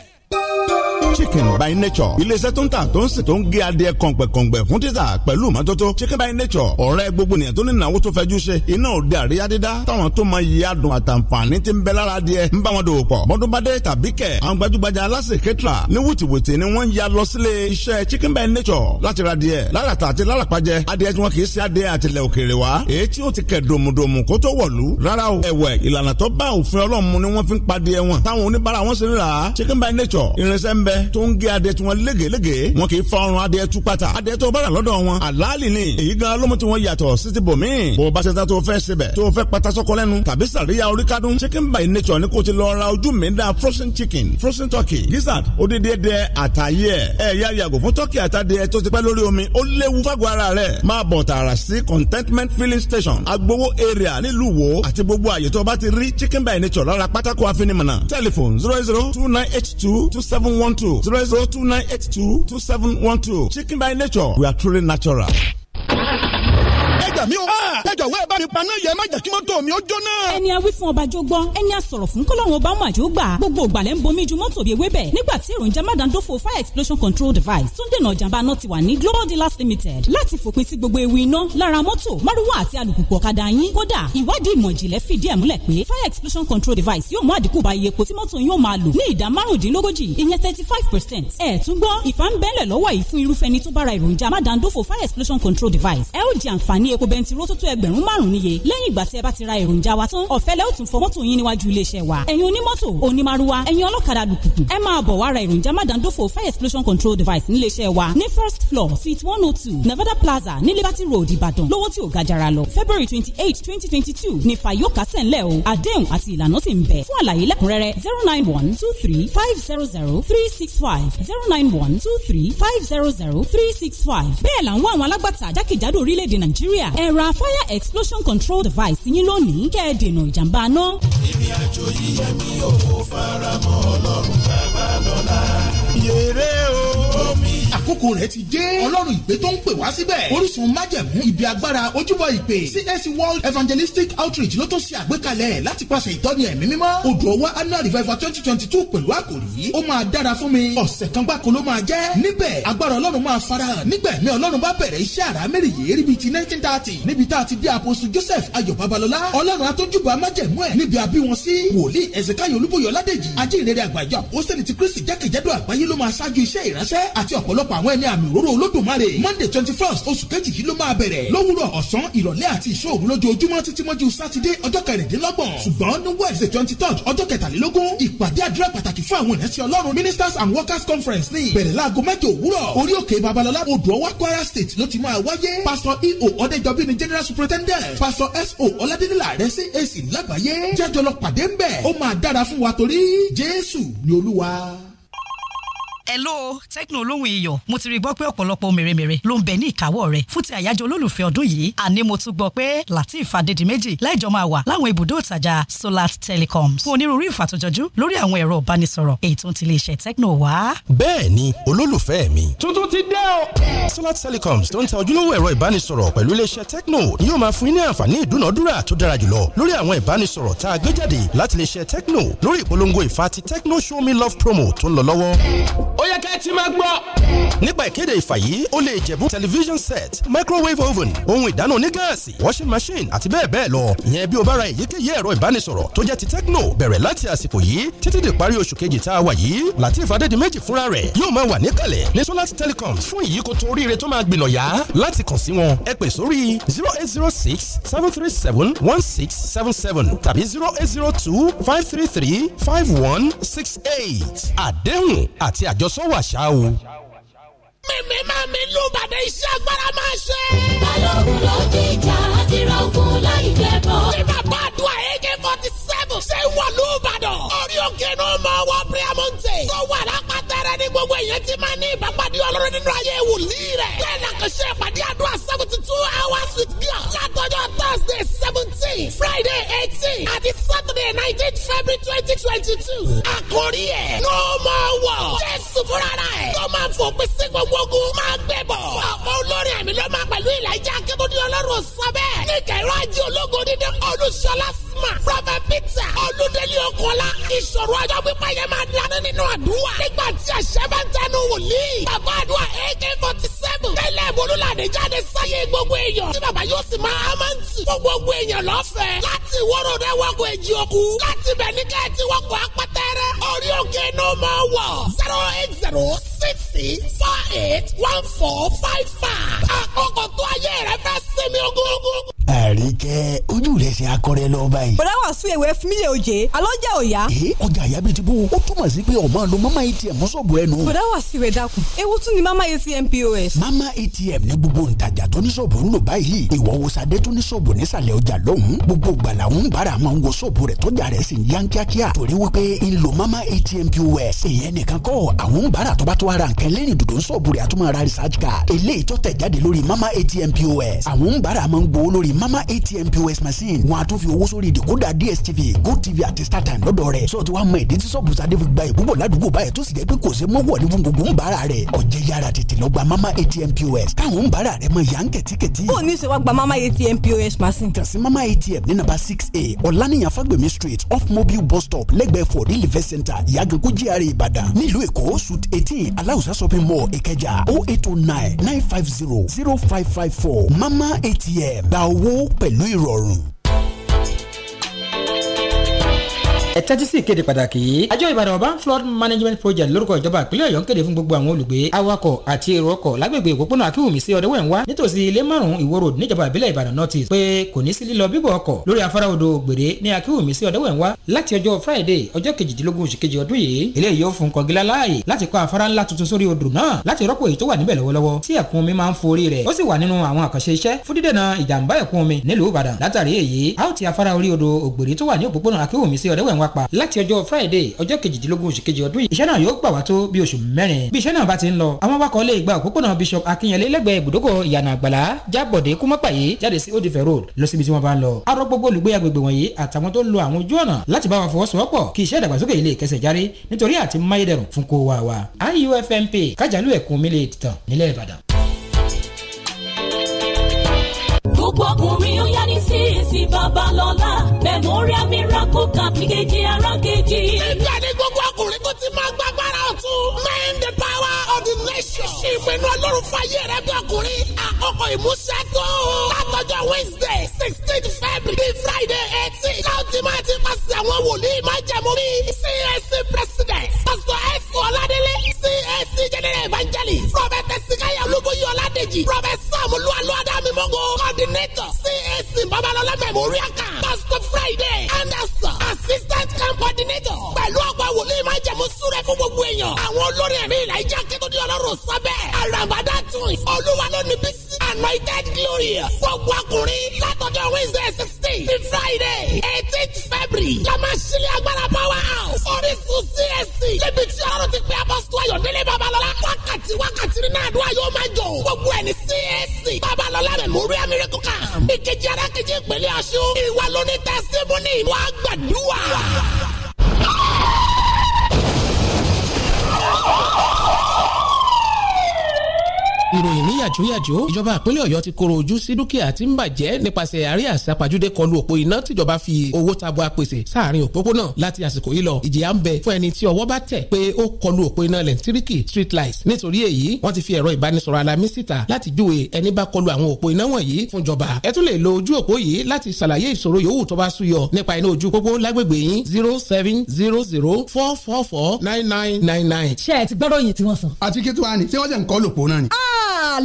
chicken by nature iléeṣẹ́ tó ń tà tó ń sè tó ń gé adìẹ kọ̀ǹpẹ̀kọ̀ǹpẹ̀ fún títà pẹ̀lú mọ́tótó chicken by nature ọ̀rẹ́ gbogbo nìyẹn tó ní ìnáwó tó fẹ́jú ṣe iná òde àríyá dídá táwọn tó máa yí adùn àtàǹfààní tí ń bẹ lára adìẹ ń bá wọn dòwò pọ̀ mọ́dúnbádé tàbí kẹ̀ àwọn gbajúgbajà aláṣẹ kẹtìrà ní wùtìwùtì ni wọ́n ya lọ sílé iṣẹ́ chicken by nature láti ra adìẹ lálàtà àti lálàpàjẹ adìẹ tí wọn kì í ṣe adìẹ àtìlẹ̀ òkèèrè wá èyí tí ó ti kẹ̀ dòmùdòmù kó tó wọ̀lú rárá o ẹ̀wẹ̀ ìlànà tó bá òfin ọlọ́run chicken by nature lọ irinṣẹ́ ń bẹ tó ń gé adẹ tí wọ́n légelége wọn kì í fọ ọrùn adẹ tú pata adẹ tó bára lọ́dọ̀ wọn àlàálì ni èyí gan ló mú tí wọ́n yàtọ̀ sí ti bòmíì bó bá ṣe ta tó fẹ́ ṣe bẹ̀ tó fẹ́ pata sọ́kọ lẹ́nu tàbí sàríya orí kádùn chicken by nature ni kò ti lọ ra ojú mi da frozen chicken frozen turkey gizzard odidi ẹdẹ àtàyè ẹ ẹ yá yàgò fún turkey àtàdé tó ti pẹ́ lórí omi ó léwu fágọ̀ ara rẹ̀ máa bọ̀ tààrà sí contentment filling station agbowó area nílùú wo àti gbogbo àyè tó bá ti rí chicken by nature lára pátákó àfinimọ̀nà telephone zero zero two nine eight two two seven one two zero zero two nine eight two two seven one two. Chicken by nature, we are truly natural ẹgbà mi o ah! ẹjọ wẹ́ẹ̀ bá mi paná yẹ má jẹ́ kí mọ́tò mi ó jóná. ẹni a wí fún ọba jó gbọ́ ẹni a sọ̀rọ̀ fún kọ́lọ́run ọba wọn àjò gbà gbogbo ìgbàlẹ̀ ń bomi ju mọ́tò bíi ewébẹ̀ nígbà tí èròjà mádàndófò fire explosion control device tó ń dènà ìjàmbá náà ti wà ní global dealers limited láti fòpin sí gbogbo ewu iná lára mọ́tò márùwá àti alùpùpù ọ̀kadà yín kódà ìwádìí ìmọ̀ ìjìnlẹ̀ fìdí ẹ̀ múlẹ̀ pé fire explosion control device yóò mú àdínkù bá iye epo tí mọ́tò yóò máa lò ní ìdá márùndínlógójì ìyẹn thirty five percent ẹ̀ tún gbọ́ ìfà ń bẹ́lẹ̀ lọ́wọ́ yìí fún irúfẹ́ ẹni tó bára èròjà mádàndófò fire explosion control device ẹ ó jẹ àǹfààní lórí epo bẹntiró tó tó ẹgbẹ̀rún márùn-ún níye lẹ́yìn ìgbà tí ẹ bá ti ra èròjà wa tán ọ̀fẹ́ lẹ́ ó tún fọ mọ́tò yín níwájú iléeṣẹ́ wa ẹ̀yin onímọ́tò onímàrúwa ẹ̀yin ọlọ́kadà lùkùkù ẹ máa bọ̀ wá ra èròjà mádàndófò fire explosion control device níléeṣẹ́ wa ní first floor suite one oh two Nevada Plaza ní Liberty Road Ìbàdàn lówó tí ò ga jara lọ February twenty eight twenty twenty two ní fàyọkà sẹ́ńlẹ̀ o àdéhùn àti ìlànà sì ń bẹ fún àlàyé lẹ́kùnrẹ́rẹ́ zero nine one two three five zero zero three six five zero nine one two three five zero zero three six five bẹ́ẹ̀ là ń wá àwọn alágbàtà jákèjádò orílẹ̀-èdè Nàìjíríà nàìjíríà ẹ fire explosion control device yín lónìí kẹ́ ẹ dènà ìjàmbá náà. ìrìn àjò yíyẹ mi ò fara mọ́ ọlọ́run bàbá lọ́la. yèrè o. omi àkókò rẹ̀ ti dé. ọlọ́run ìpè tó ń pè wá síbẹ̀. orísun májẹ̀mú ibi agbára ojúbọ ìpè CAC world evangelistic outreach ló tó ṣe àgbékalẹ̀ láti pàṣẹ ìtọ́ni ẹ̀mí mímọ́. odò ọwá annual revival twenty twenty two pẹ̀lú àkòrí. ó máa dára fún mi. ọ̀sẹ̀ kan gbáko ló máa jẹ́. níbẹ̀ agbára ọlọ́run máa farahàn nígbà ẹ̀mí ọlọ́run bá bẹ̀rẹ̀ iṣẹ́ àrá mẹ́rìnyé ríbi ti nineteen thirty níbi tá a àpòsù Joseph Ayọ̀ Babalọ́lá ọlọ́run atójúbọ amájẹ̀mú ẹ̀ níbi àbí wọn sí wòlíì Ezekiel olúbọyọ ládèjì ajínrere àgbàjọ àpòsílẹ̀ ti kristi jákèjádò àgbáyé ló máa ṣáájú iṣẹ́ ìránṣẹ́ àti ọ̀pọ̀lọpọ̀ àwọn ẹni àmì òróró olódùmarè Monday twenty first oṣù kejì yìí ló máa bẹ̀rẹ̀ lówùrọ̀ ọ̀sán ìrọ̀lẹ́ àti ìṣòro lójoojúmọ́ títí mọ́jú sátidé ọjọ́ kẹrìndínlọ́gbọ̀n ṣùgbọ́n ní wednesday ìjọ bí ni general superintendent pastor S.O. ọ̀làdínlá rẹ̀ CAC lágbàáyé jẹ́jọ́ lọ pàdé ń bẹ̀ ó máa dára fún wa torí Jésù ni Olúwa hello Tekno olóhùn iyọ̀ mo ti rí gbọ́ pé ọ̀pọ̀lọpọ̀ mèremère ló ń bẹ ní ìkáwọ́ rẹ̀ fún ti àyájọ́ olólùfẹ́ ọdún yìí àní mo tún gbọ́ pé Lateef Adédìméjì láìjọ máa wà láwọn ibùdó ìtajà Solar Telecoms fún onírúurú ìfàtòjọjú lórí àwọn ẹ̀rọ ìbánisọ̀rọ̀ èyí tó ń ti iléeṣẹ́ Tekno wá. bẹ́ẹ̀ ni olólùfẹ́ mi. tuntun ti dé o. Solar Telecoms tó ń ta ojúlówó ẹ̀rọ ìbánisọ̀rọ̀ pẹ̀lú iléeṣẹ́ Tekno ni yóò máa fún yín ní àǹfààní ìdúnàdúrà tó dára jùlọ lórí àwọn ìbánisọ̀rọ̀ tá a gbé jáde láti iléeṣẹ́ Tekno lórí ìpolongo ìfà ti Show Me Love promo tó ń lọ ó yẹ kẹ́ ẹ ti máa gbọ́. nípa ìkéde ìfàyí ó lè jẹ̀bú television set microwave oven ohun ìdáná onígáàsì washing machine àti bẹ́ẹ̀ bẹ́ẹ̀ lọ ìyẹn bí o bá ra èyíkéyìí ẹ̀rọ ìbánisọ̀rọ̀ tó jẹ́ ti Tecno bẹ̀rẹ̀ láti àsìkò yìí títí di parí oṣù kejì tá a wà yìí Latif Adédìméjì fúnra rẹ̀ yóò máa wà níkàlẹ̀ ní Solat Telecom fún ìyíkoto oríire tó máa gbìnà yá láti kàn sí wọn ẹ pè sórí zero eight zero six seven three seven one six seven seven tàbí zero eight zero two five three three five one six eight àdéhùn àti àjọ àjọsọ wàṣà o. mímí máa mi lù bàdé iṣẹ́ agbára máa ṣe. balógun ló jíjà àti rọ́gùn láì jẹ́bọ. ṣé bàbá àdúrà ak forty seven ṣé wọ́n lù bàdàn. orí òkè ni ó mọ wọ́n pírímọ̀ntì. tó wà lápá rẹ̀ ni gbogbo èèyàn ti máa ní ìbápadì ọlọ́run nínú ayé wòlíì rẹ̀. bẹ́ẹ̀ni àkànṣe ìpàdé àdúrà seventy two hours with God látọjọ́ thursday seventeen friday eighteen àti saturday nineteen february twenty twenty two. àkórí ẹ̀ no more war. jésù fúnra rẹ̀ tó máa fòpin sí gbogbo ogun máa gbẹ̀ bọ̀. ọ̀pọ̀ olórin àmì ló máa pẹ̀lú ìlàjà akébọ̀dé ọlọ́run sọ bẹ́ẹ̀. ní kẹ̀rọ ajé ológo dídé olùṣọlá Asma. Prọfẹ̀ Peter Olúdélé Ọkọ̀lá. Ìṣòro ọjọ́ pípa yẹn máa dání nínú àdúrà. Nígbà tí àṣẹ́bàtánu wòlíì. bàbá àdúrà ak forty seven. tẹ́lẹ̀ bolúlàdé jáde sáyé gbogbo èèyàn. tí bàbá yóò sì máa hámántì. fún gbogbo èèyàn lọ́fẹ̀ẹ́. láti wóró rẹ wọ́kọ̀ èjì òkú. láti bẹ̀ ní kẹ́ẹ̀tì wọ́kọ̀ apátẹ́rẹ́. orí òkè ni ó máa wọ̀. zero eight zero six six four eight one four five five. àkókò tó ayé rẹ fẹ́ sí sẹ́mi ogun. àríkẹ́ ojú rẹ̀ ṣe akọrẹ lọ báyìí. bọ̀dá wà sún ewé fún mi lè oje alọ́jà òya. ee ọjà àyà bíi ti bó o túmọ̀ sí pé ọmọ lo mama atm mọ́sọ̀bù ẹnu. bọ̀dá wà sí ìwé dákun ewu tún ni mama atm pos. mama atm ní gbogbo ntajà tó ní sọ̀bù ń lò báyìí ìwọ wo sadé tó ní sọ̀bù nísàlẹ̀ ọjà lọ́hùn gbogbo gbala ń bára máa ń wo sọ̀bù rẹ̀ tọ́jà rẹ̀ sì ń yan kíákíá torí wípé ń lo mama atm pos èèyàn nìkan kọ́ àwọn ń bára tọ́ba tó ara nǹkan lẹ́yìn dòdò ń sọ̀bù rẹ̀ àtúmọ̀ ara research card eléyìí tó tẹ̀ jáde lórí mama atm pos àwọn àwọn oníbàárà máa ń gbowó lórí mama atm pos machine wọn a tún fi owó sórí ìdìkúdà dstv gotv àti startime lọ́dọ̀ rẹ̀ sọ ti wá mọ ìdí tí sọ́ọ̀bù sadé fi gba ìbúbọ̀ ládùúgbò báyìí tó sì jẹ́ pé kò ṣe mọ́wọ́ ní fún gbogbo oníbàárà rẹ̀ ọ̀jẹ̀ yára tètè lọ gba mama atm pos káwọn oníbàárà rẹ̀ mọ yàn kẹ̀tíkẹ̀tí. ó ní sèwá gba mama atm pos machine. kàn sí mama atm ní nàbà six a ọ̀lànìyàn fagbemi street off mobile bus stop lẹ́gbẹ̀ẹ́ for delivery center ìyàgànkú GRA ìbàdàn nílùú èkó suit eighteen aláùsá shopping mall ìkẹjà o oh eight o oh nine nine five zero zero five five four mama ATM gba owó pẹ̀lú ìrọ̀rùn. ẹ tẹ́tí sí ìkéde pàtàkì yìí àjọ ìbàdàn urban flood management project lórúkọ ìjọba ìpínlẹ̀ ọ̀yọ́ ń kéde fún gbogbo àwọn olùgbé awakọ̀ àti èrò ọkọ̀ lágbègbè òpópónà akíwùmí sí ọ̀dẹ́wẹ̀ ń wá nítòsí ilé márùn-ún ìwó road níjọba ìbílẹ̀ ìbàdàn north east pé kò ní sí lílọ bíbọ̀ ọkọ̀ lórí afárá odò gbèrè ní akíwùmí sí ọ̀dẹ́wẹ̀ ń láti ọjọ́ friday ọjọ́ kejìdínlógún oṣù kejì ọdún yìí eléyìí yóò fún kọngilá láàyè láti kọ́ afárá ńlá tuntun sórí odò náà láti rọ́pò èyí tó wà níbẹ̀ lọ́wọ́lọ́wọ́ tí ẹ̀kún omi máa ń forí rẹ̀ ó sì wà nínú àwọn àkànṣe iṣẹ́ fún dídènà ìjàmbá ẹ̀kún omi nílùú ìbàdàn látàrí èyí a ó ti afárá wá pa láti ọjọ́ friday ọjọ́ kejìdínlógún oṣù kejì ọdún yìí iṣẹ́ náà yóò gbà wá tó bí oṣù mẹ́rin bí iṣẹ́ náà bá ti ń lọ àwọn awakọ̀ lè gba òpópónà bishop akinyele lẹ́gbẹ̀ẹ́ ibùdókò ìyànà àgbàlá jábọ̀dé kúmọ́pàyé jáde sí old ife road lọ síbi tí wọ́n bá ń lọ arọ gbogbo olùgbé agbègbè wọ̀nyí àtàwọn tó ń lo àwọn ojú ọ̀nà láti bá wa fọwọ́sowọ́pọ̀ kí iṣẹ́ ìdàgbàsókè yìí lè kẹsẹ̀ járí nítorí àti máyédẹrùn fún kó kábíyèsí babalọ́lá memorial miracle camp kejì ara kejì. ìgbà ní gbogbo ọkùnrin tó ti máa gbàgbára ọ̀tún. main the power of the nation. ṣe ìpinnu ọlọ́run fàyè rẹ bí ọkùnrin. àkókò ìmúṣẹ tó. látọjọ́ wednesday sixteen february friday eighteen. láti máa ti pàṣẹ àwọn wòlíì máa jẹ mọ́ mi. csc president pastor s ọládélé. CAC general evangelist prọfẹtẹ sikaya olúbóyè ọládèjì prọfẹsọ amúlúwalú adámímọ́gò coordinator CAC babalọlá memorial camp pastor friday anderson assistant camp coordinator pẹ̀lú ọgbà wòlíì máa jẹ̀mú súré fún gbogbo èèyàn àwọn olórí ẹ̀mí ìlà ìjà kékeré ọlọ́run sábẹ́ àràbàdà tún olúwa lónìí bí sí anointed glory gbogbo ọkùnrin látọjọ́ wednesday sixteen ní friday eighteenth february la máa ṣílẹ̀ agbára power house orísun CAC níbi tí ọlọ́run ti pè apostol Ayọ̀délé Babalọ́lá wákàtí wákàtí nínú àdúrà yóò máa jọ gbogbo ẹ̀ ní CAC Babalọ́lá Memorial Miracle Camp ìkejì arákejì ìpínlẹ̀ Ọ̀ṣun ìwà lóní testimony wàá gbàdúrà ìròyìn níyàjóyàjó ìjọba ìpínlẹ̀ ọ̀yọ́ ti koro ojú sí dúkìá tí ń bàjẹ́ nípasẹ̀ àárẹ̀ àṣàpàjúdé kọlu òpó iná tìjọba fi owó tabua pèsè sáàrin òpópónà láti àsìkò yìí lọ ìjìyà ń bẹ fún ẹni tí ọwọ́ bá tẹ̀ pé ó kọlu òpó iná lẹ́ńtíríkì street light nítorí èyí wọ́n ti fi ẹ̀rọ ìbánisọ̀rọ̀ alamí síta láti júwe ẹni bá kọlu àwọn òpó iná wọ̀nyí fún jọba ẹ tún lè lo ojú òpó yìí láti ṣàlàyé ìṣòro yòówù tó bá súyọ nípa iná ojú zero seven zero zero four four four nine nine nine nine. ṣé ẹ ti gbọ́dọ̀ yìí tí wọ́n sọ. àti kí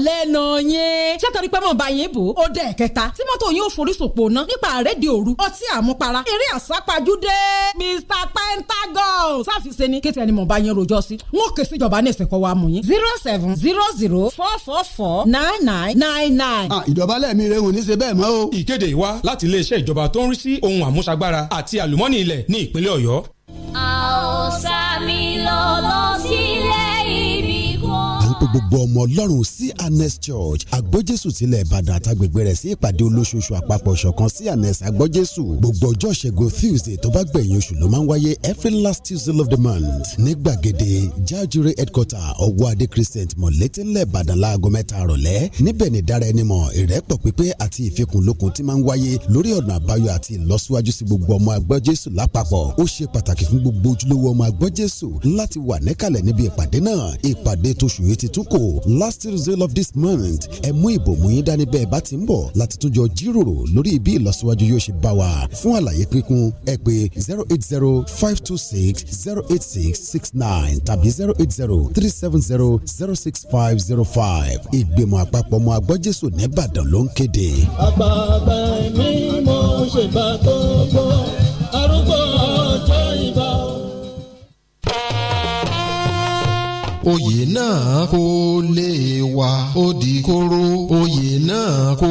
lẹ́nu yẹn. ṣé torí pé mo bá yín bò ó dẹ̀ kẹta tí mọ́tò yín ò ná nípa àrédìí òru ọtí àmupara eré àsápajúdé Mr Pentagon sáfìsẹ́ ni kéte ẹni mo bá yín rojọ́ sí. n ó ké síjọba ní ìsìnkọ́ wa mú yín. zero seven zero zero four four four nine nine nine nine. Ah, ìdọ̀bálẹ̀ mi rẹ̀ wò ní ṣe bẹ́ẹ̀ mọ́ o. ìkéde wa láti iléeṣẹ́ ìjọba tó ń rí sí ohun àmúṣagbára àti àlùmọ́nì ilẹ̀ ní ìpínlẹ̀ pe gbogbo ọmọ ọlọ́run sí anes church agbójésù tilẹ̀ ìbàdàn àtàgbègbè rẹ̀ sí ìpàdé olóṣooṣù àpapọ̀ ṣọ̀kan sí anes agbójésù gbogbo ọjọ́ ṣẹ́gun tuesday tó bá gbẹ̀yìn oṣù ló máa ń wáyé every last tuesday of the month ní gbàgede jajure headquarter ọwọ́ adé christian mọ̀lẹ́tì ńlẹ̀ ìbàdàn láago mẹ́ta àrọ̀lẹ́ níbẹ̀ ni dára ẹni mọ̀ ìrẹ́pọ̀ pípé àti ìfikùnlukùn ti máa ń wáyé lórí ọ̀nà àbáyọ àti ìlọsíwájú sí gbogbo ọmọ agbọ́jésù lápapọ̀ ó ṣe pàtàkì fún gbogbo ojúlówó ọmọ agbọ́jésù láti wà níkàlẹ̀ níbi ìpàdé náà ìpàdé tóṣù yìí ti tún last result of this month ẹ mú ìbòmú yín dání bẹ́ẹ̀ bá ti ń bọ̀ láti tún jọ jíròrò lórí bí ìlọsíwájú yóò ṣe bá wa fún àlàyé kíkún ẹ pè zero eight zero five two six zero eight six six nine tàbí zero eight zero three seven zero zero six five zero five ìgbìmọ̀ àpapọ̀ ọmọ agbọ́jésù nìbàdàn ló ń kéde. àgbààgbà mi mo ṣèbàtò. oyè náà kó lè wà odi di kóró oyè náà kó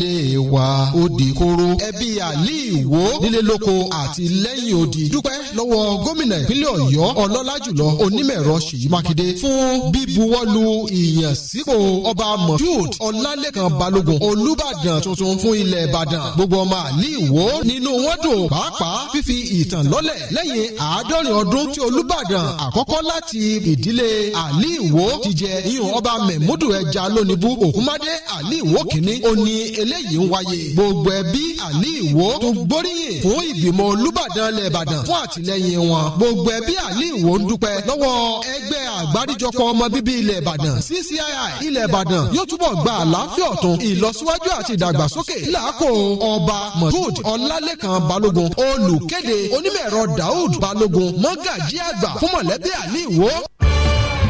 lè wà ó di kóró ẹbí àlì ìwò nílé lóko àti lẹ́yìn odi dúpẹ́ lọ́wọ́ gómìnà ìpínlẹ̀ ọ̀yọ́ ọlọ́lá jùlọ onímọ̀ẹ̀rọ ṣèyí mákindé fún bíbuwọ́lù ìyànsípò ọba moshood ọlálẹ́kan balógun olùbàdàn tuntun fún ilẹ̀ ìbàdàn gbogbo ọmọ àlì ìwò nínú wọn dùn pàápàá fífi ìtàn lọ́lẹ̀ lẹ́yìn àádọ́rin ọdún tí olùbàdàn àkọ́kọ́ láti ìdílé ali ìwó jíjẹ iyùn ọba mẹ̀múdù ẹja lónìbù òkúmádé ali ìwó kìíní ó ní eléyìí ń wáyé gbogbo ẹbí ali ìwó tó gbóríyìn fún ìgbìmọ̀ olúbàdàn ilẹ̀ ìbàdàn fún àtìlẹ́yìn wọn gbogbo ẹbí ali ìwó ń dúpẹ́ lọ́wọ́ ẹgbẹ́ àgbáríjọpọ̀ ọmọ bíbí ilẹ̀ ìbàdàn ccii ilẹ̀ ìbàdàn yóò túbọ̀ gba àlàáfíà ọ̀tun ìlọsíwájú àti ìdàgbàsókè làákò ọba moshood ọlálẹ́kan balógun olùkéde onímọ̀ ẹ̀rọ daoud balógun mọ́gàjí àgbà fún mọ̀lẹ́bí ali ìwó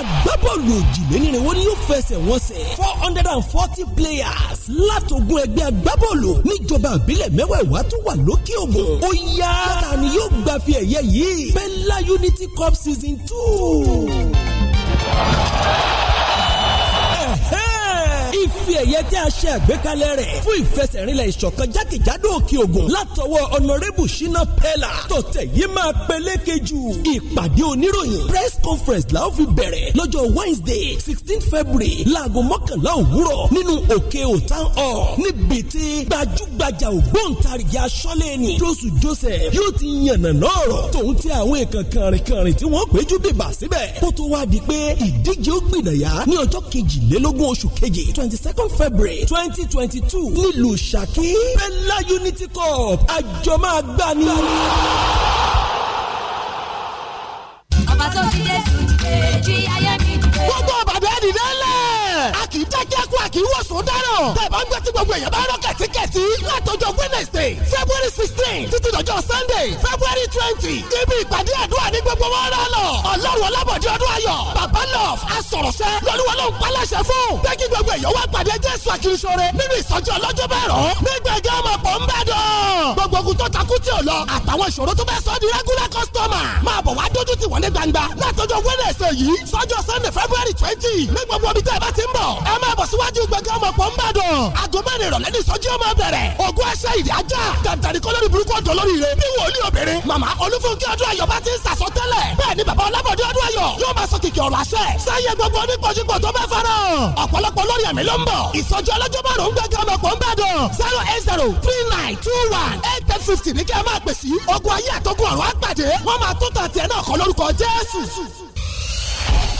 agbábọ́ọ̀lù òjìlénírínwó ni yóò fẹsẹ̀ wọn sẹ̀ four hundred and forty players látògùn ẹgbẹ́ agbábọ́ọ̀lù níjọba ìbílẹ̀ mẹ́wẹ̀ẹ̀wá tó wà lókè ògùn ó yá ta ni yóò gbà fi ẹ̀yẹ yìí Bella Unity Cup season two fi ẹ̀yẹ tí a ṣe àgbékalẹ̀ rẹ̀ fún ìfẹsẹ̀rinlẹ̀ ìṣọ̀kan jákèjádò òkè ògùn látọwọ́ ọ̀nàrẹ́bù ṣínà pẹ́lá tọ̀tẹ̀ yìí máa peléke jù ìpàdé oníròyìn press conference la ó fi bẹ̀rẹ̀ lọ́jọ́ wednesday sixteen february láago mọ́kànlá òwúrọ̀ nínú òkè òtán hall níbi tí gbajúgbajà ògbóǹtarìgì aṣọ́lé ni josù joseph yóò ti yànnàná ọ̀rọ̀ tòun ti àwọn èèkàn kàrìnkàrìn tí wọ́n péjú bèbà síbẹ̀ kó tó wá di pé ìdíje ó gbìnàyà ní twenty seven second february twenty twenty two nílùú Ṣakí Bella unity cup àjọ máa gbà ní. ọba tó ti dé sùn dìde jí ayé mi dìde. gbogbo ọ̀bàdàn dìde lẹ̀. a kì í jẹ́kun àkíwòsàn dáràn. tẹ̀bá ń gbé tí gbogbo èèyàn bá rọ kẹ̀tíkẹ̀tí. látọjọ́ wednesday february sixteen títí dọjọ́ sunday february twenty. ibi ìpàdé àdúrà ní gbogbo wọn rà lọ. ọlọ́run ọlábọ̀dé ọdún ayọ̀ bàbá love asọ̀rọ̀ṣẹ́ lọ́lúwa ló ń paláṣẹ fún. bẹ́ẹ̀ kí gbogbo èèyàn wá pàdé jésù àkìrìṣọ́rẹ́ nínú ìsọjí ọlọ́jọ́ bẹ̀rọ̀. nígbàgbọ́ ọmọ pọ̀ ń bá dàn. gbogbo ogun tó takú tí ò lọ àtàwọn ìṣòro tó fẹ́ sọ di regular customer. máa bọ̀ wá dójú tì wọ́n ní gbangba látọjọ́ wednesday yìí sunday february twenty ní gbogbo ibi tẹ́ ẹ bá ti ń káàbọ̀ síwájú gbẹ̀gẹ́ ọmọ pọ̀ ń bàdàn. aago mẹ́rin ìrọ̀lẹ́ ní ìsọjí ọmọ bẹ̀rẹ̀. ògùn ẹsẹ̀ ìdí ajá. tàǹtàrí kọ́ lórí burúkú ọ̀dọ́ lórí rẹ̀. bí wòlíì obìnrin. màmá olúfúnkẹ́ ọdún ayọ̀ bá ti ń sàsọ tẹ́lẹ̀. bẹ́ẹ̀ bàbá ọlábọ̀dé ọdún ayọ̀ yóò máa sọ kìkì ọ̀rọ̀ àṣẹ. sáyé gbogbo onípojúpọ̀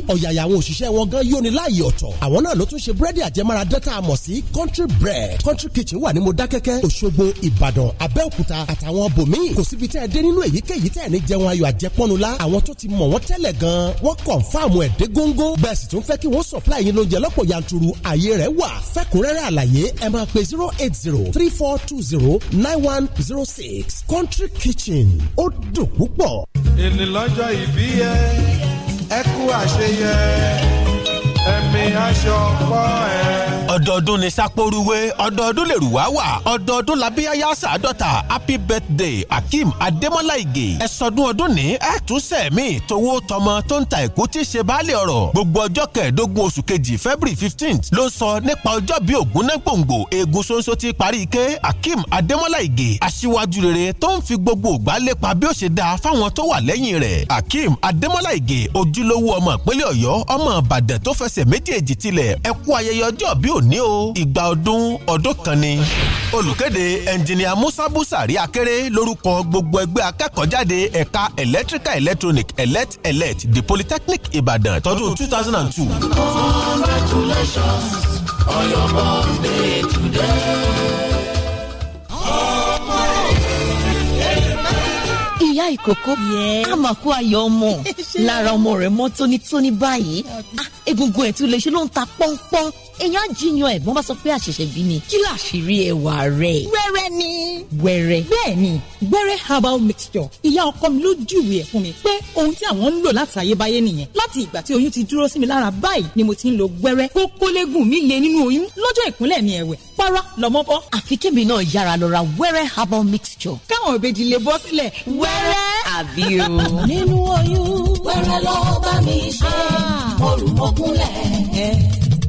dúdú ọ̀yàyà àwọn òṣìṣẹ́ wọn gan yóni láàyè ọ̀tọ̀ àwọn náà ló tún ṣe búrẹ́dì àjẹmára dẹ́ta àmọ̀ sí country bread country kitchen wà ní Modákẹ́kẹ́ Òṣogbo Ìbàdàn Abẹ́òkúta àtàwọn bòmíì kò síbi tẹ́ ẹ dé nínú èyíkéyìí tẹ́ ẹ ní jẹun ayọ̀ àjẹpọ́nu la àwọn tó ti mọ̀ wọ́n tẹ́lẹ̀ gan wọ́n kọ̀ǹfàmù ẹ̀ dé góńgó bẹ́ẹ̀ sì tún fẹ́ kí wọ́n supply yín lóúnjẹ lọ́pọ̀ yanturu ààyè rẹ̀ wà fẹ́kùnrẹ́rẹ́ àlàyé ẹ zero eight zero three four two zero nine one zero six country kitchen ó dùn púpọ̀. èlé ẹ kú àṣeyẹ ọdọọdún ni sápóruwé ọdọọdún lè rù wá wà ọdọọdún labíyáyá sàádọ́ta happy birthday akeem adémọ́lá ìgè ẹ̀sọ́dún ọdún ní ẹ̀túnṣẹ́ mi towó tọmọ tó ń ta ìkú tí ṣe baálé ọ̀rọ̀ gbogbo ọjọ́ kẹẹ̀ẹ́dógún oṣù kejì february fifteenth ló ń sọ nípa ọjọ́ bí ògúnnágbòǹgbò eegun ṣoṣo ti parí ike akeem adémọ́lá ìgè aṣíwájú rere tó ń fi gbogbo ògbà lépa bí ó ṣe dáa fáwọn tó wà lẹ́yìn rẹ̀ akeem adémọ́lá ìgè ojúlówó ọmọ ìpínlẹ̀ ọ̀yọ́ ọmọ ìbàdàn tó fẹsẹ̀ méjì méjèèjì tilẹ̀ ẹ kú ayẹyẹ ọjọ́ bí òní o ìgbà ọdún ọdún kan ni. olùkéde ẹnjìnìà musa busari akéré lórúkọ gbogbo ẹgbẹ́ akẹ́kọ̀ọ́jáde ẹ̀ka electrical electronic elect elect the polytechnic ibadan tọdún two thousand and two. congratulations on your birthday today. ìyá ìkókó àmàkù ayọ̀ ọmọ lára ọmọ rẹ̀ mọ́ tónítóní báyìí ah, egungun ẹ̀ tún lè ṣe ló ń ta pọ́npọ́n èèyàn jiyàn ẹ̀gbọ́n bá sọ pé àṣẹ̀ṣẹ̀ bí ni kí làṣírí ẹwà rẹ̀. wẹ́rẹ́ ni. wẹ́rẹ́. bẹ́ẹ̀ni wẹ́rẹ́ herbal mixture ìyá ọkọ mi ló júwe ẹ̀ fún mi pé ohun tí àwọn ń lò láti ayébáyé nìyẹn láti ìgbà tí oyún ti dúró sí mi lára báyìí ni mo ti ń lo wẹ́rẹ́ kókólégùn mi lè nínú oyún lọ́jọ́ ìkúnlẹ̀ mi ẹ̀wẹ̀ para lọ́mọ bọ́. àfi kébì náà yára lọ ra wẹ́rẹ́ herbal mixture. káwọn òbejì lè bọ́ sílẹ̀ wẹ́rẹ́. àbí o. nínú oyún wẹ́rẹ́ lọ́ọ́ bá mi ṣe ah. mo rù mọ́kúnlẹ̀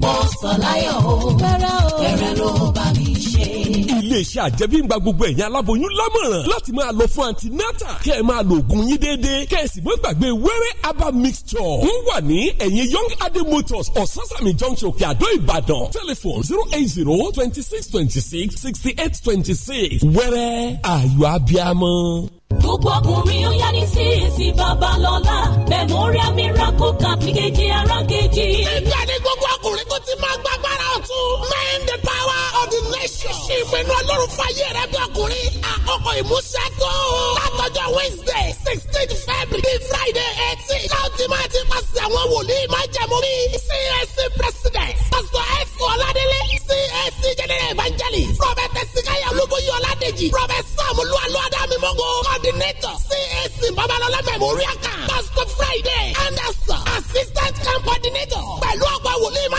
Mọ́sọ̀láyọ̀ o. Fẹ́rẹ́ o. Iléeṣẹ́ àjẹmíngba gbogbo ẹ̀yin aláboyún lámọ̀ràn láti máa lo fún antinata. Kẹ́ ẹ máa lo oògùn yín déédéé. Kẹ́ ẹ sì mọ́ gbàgbé wẹ́rẹ́ aba mixture. Wọ́n wà ní ẹ̀yìn Young Adé Motors Ososami Junction Kíadó Ìbàdàn. Tẹlifon zero eight zero twenty six twenty six sixty eight twenty six. Wẹ́rẹ́ ayọ̀ abiamọ gbogbo ọkùnrin ó yá ní csc babalọla memorial miracle camp kejì ara kejì. ẹgbẹ́ ni gbogbo ọkùnrin tó ti máa gbàgbára ọ̀tún. main the power of the nation. ṣe ìpinnu ọlọ́run fàyè rẹ bí ọkùnrin. àkókò ìmúṣẹ tó. látọjọ́ wednesday sixteen february friday eighteen. láti máa ti pàṣẹ àwọn wòlíì máa jẹ̀mú mi. csc president pastor s ọládélé senior evangelist prophet sikaya olúbóyè ọládèjì prophet sam olúwalú adámímọ́gò coordinator cac babalọ́lá memorial camp pastor friday anderson assistant camp coordinator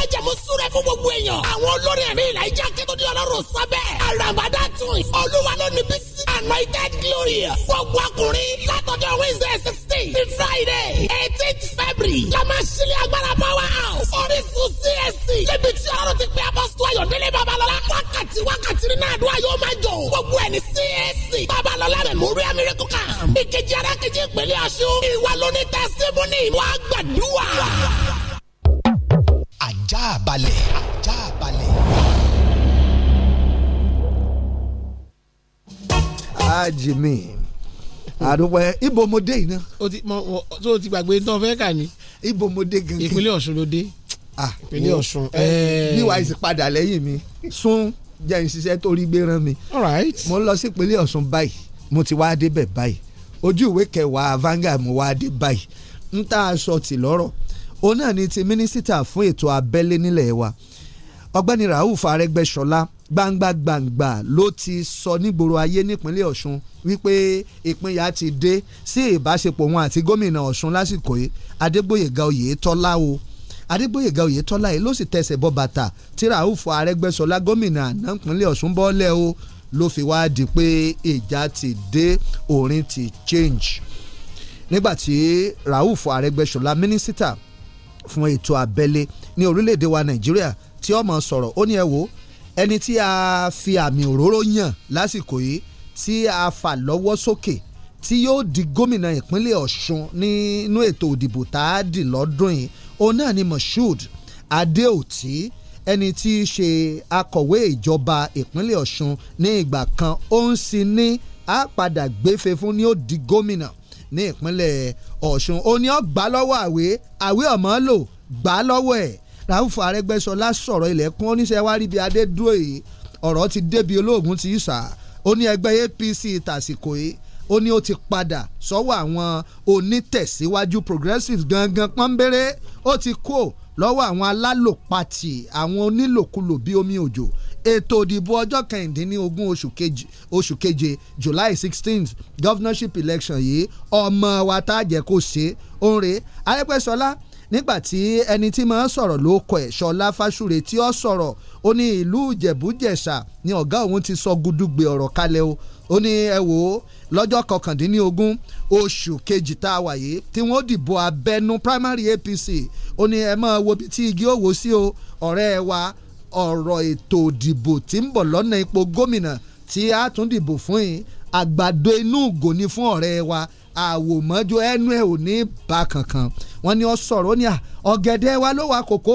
májàmú súré fún gbogbo èèyàn. àwọn olórin ẹ̀mí ìlà ìjà kẹ́tọ́dí ọlọ́run sábẹ́. àràmàdà tún olúwa ló ní bísí. anointed glory. gbogbo ọkùnrin látọjọ́ wednesday sixteen ní friday eighteenth february. yàmá sílẹ̀ agbára power house. orísun csc. níbi tí ọlọ́run ti pè apọ́sítọ́ ayọ̀délé babalọ́lá. wákàtí wákàtí nínú àdúrà yóò máa jọ. gbogbo ẹ̀ ní csc. babalọ́lá rẹ̀ mú rí amírẹ́ tó kà. ìkejì ara kejì ìpínlẹ̀ ọ̀ṣun. ìwà lóní testimony. wàá gbàdúrà ajá balẹ̀ ajá balẹ̀. ajì mi àdúpẹ́ ibo mo dé iná. o ti mọ o tó o ti gbàgbé tán fẹ́ kà ní. ibo mo dé gangan. ìpínlẹ̀ Ọ̀ṣun ló dé. ìpínlẹ̀ Ọ̀ṣun. Eh. bí wàá sì padà lẹ́yìn mi sún jẹ́ n ṣiṣẹ́ torí gbé rán mi. mo ń lọ sí ìpínlẹ̀ Ọ̀ṣun báyìí mo ti wá débẹ̀ báyìí ojú ìwé kẹwàá Vanguard mo wá dé báyìí n tá a tì lọ́rọ̀ òun náà ni ti mínísítà fún ètò abẹ́lé nílẹ̀ wa ọgbẹ́ni Rauf Arẹ́gbẹ́ṣọlá gbangba gbangba ló ti sọ nígboro ayé nípínlẹ̀ Ọ̀ṣun wípé ìpínyà ti dé sí ìbáṣepọ̀ wọn àti gómìnà Ọ̀ṣun lásìkò yìí Adégbóyèga Oyètọ́lá o Adégbóyèga Oyètọ́lá yìí ló sì tẹsẹ̀ bọ́ bàtà tí Rauf Arẹ́gbẹ́ṣọlá gómìnà àná ìpínlẹ̀ Ọ̀ṣun bọ́lẹ̀ o ló fi wá di pé ìjà ti dé orin ti change nígbàtí Rauf Arẹ́gbẹ́ṣọlá mínísítà fún ètò abẹ́lé ní orílẹ̀-èdè wa nàìjíríà tí ó máa sọ̀rọ̀ ó ní ẹ wo ẹni tí a fi àmì òróró yàn lásìkò yìí tí a fà lọ́wọ́ sókè tí yóò di gómìnà ìpínlẹ̀ ọ̀ṣun nínú ètò òdìbò tá a dì lọ́dún yìí òun náà ni moshood adeoti ẹni tí í ṣe akọ̀wé ìjọba ìpínlẹ̀ ọ̀ṣun ní ìgbà kan ó ń sin ní a padà gbéfe fún ni ó di gómìnà ní ìpínlẹ̀ Ọ̀ṣun ó ní ọ́ gbà lọ́wọ́ àwé àwé ọ̀mọ́ lò gbà lọ́wọ́ ẹ̀ Rauf Arẹ́gbẹ́ṣọlá sọ̀rọ̀ ilẹ̀kùn oníṣẹ́ wa rí bí adé dúró yìí ọ̀rọ̀ ti débi olóògùn ti sà ó ní ẹgbẹ́ APC tàsìkò yìí ó ní ó ti padà sọ́wọ́ àwọn onítẹ̀síwájú progressives gangan pọ́nbéré ó ti kú lọ́wọ́ àwọn alálòpatì àwọn onílòkulò bíi omi òjò ètò òdìbò ọjọ́ kẹrìndínlógún oṣù keje July sixteenth governorship election yìí ọmọ wa tá a jẹ́ kó ṣe òǹrè Arẹ́gbẹ́ṣọlá nígbàtí ẹni tí máa ń sọ̀rọ̀ ló kọ ẹ̀ Ṣọlá Fásúre tí ó sọ̀rọ̀ ó ní ìlú ìjẹ̀bú ni ọ̀gá òun ti sọ gudugbe ọ̀rọ̀ kalẹ̀ o ó ní ẹ wò ó lọ́jọ́ kọkàndínlógún oṣù kejì tá a wà yìí tí wọ́n dìbò abẹ́nú primary APC ó ní ẹ máa wo bí tí igi ó wò sí o ọ̀rẹ́ wa ọ̀rọ̀ ètò ìdìbò tí ń bọ̀ lọ́nà ipò gómìnà tí a tún dìbò fún yìí àgbàdo inú ògò ni fún ọ̀rẹ́ wa àwòmọ́jọ ẹnu ẹ̀ ò ní bá kankan wọ́n ní ó sọ̀rọ̀ ó ní ọ̀gẹ̀dẹ̀ wa ló wa kòkó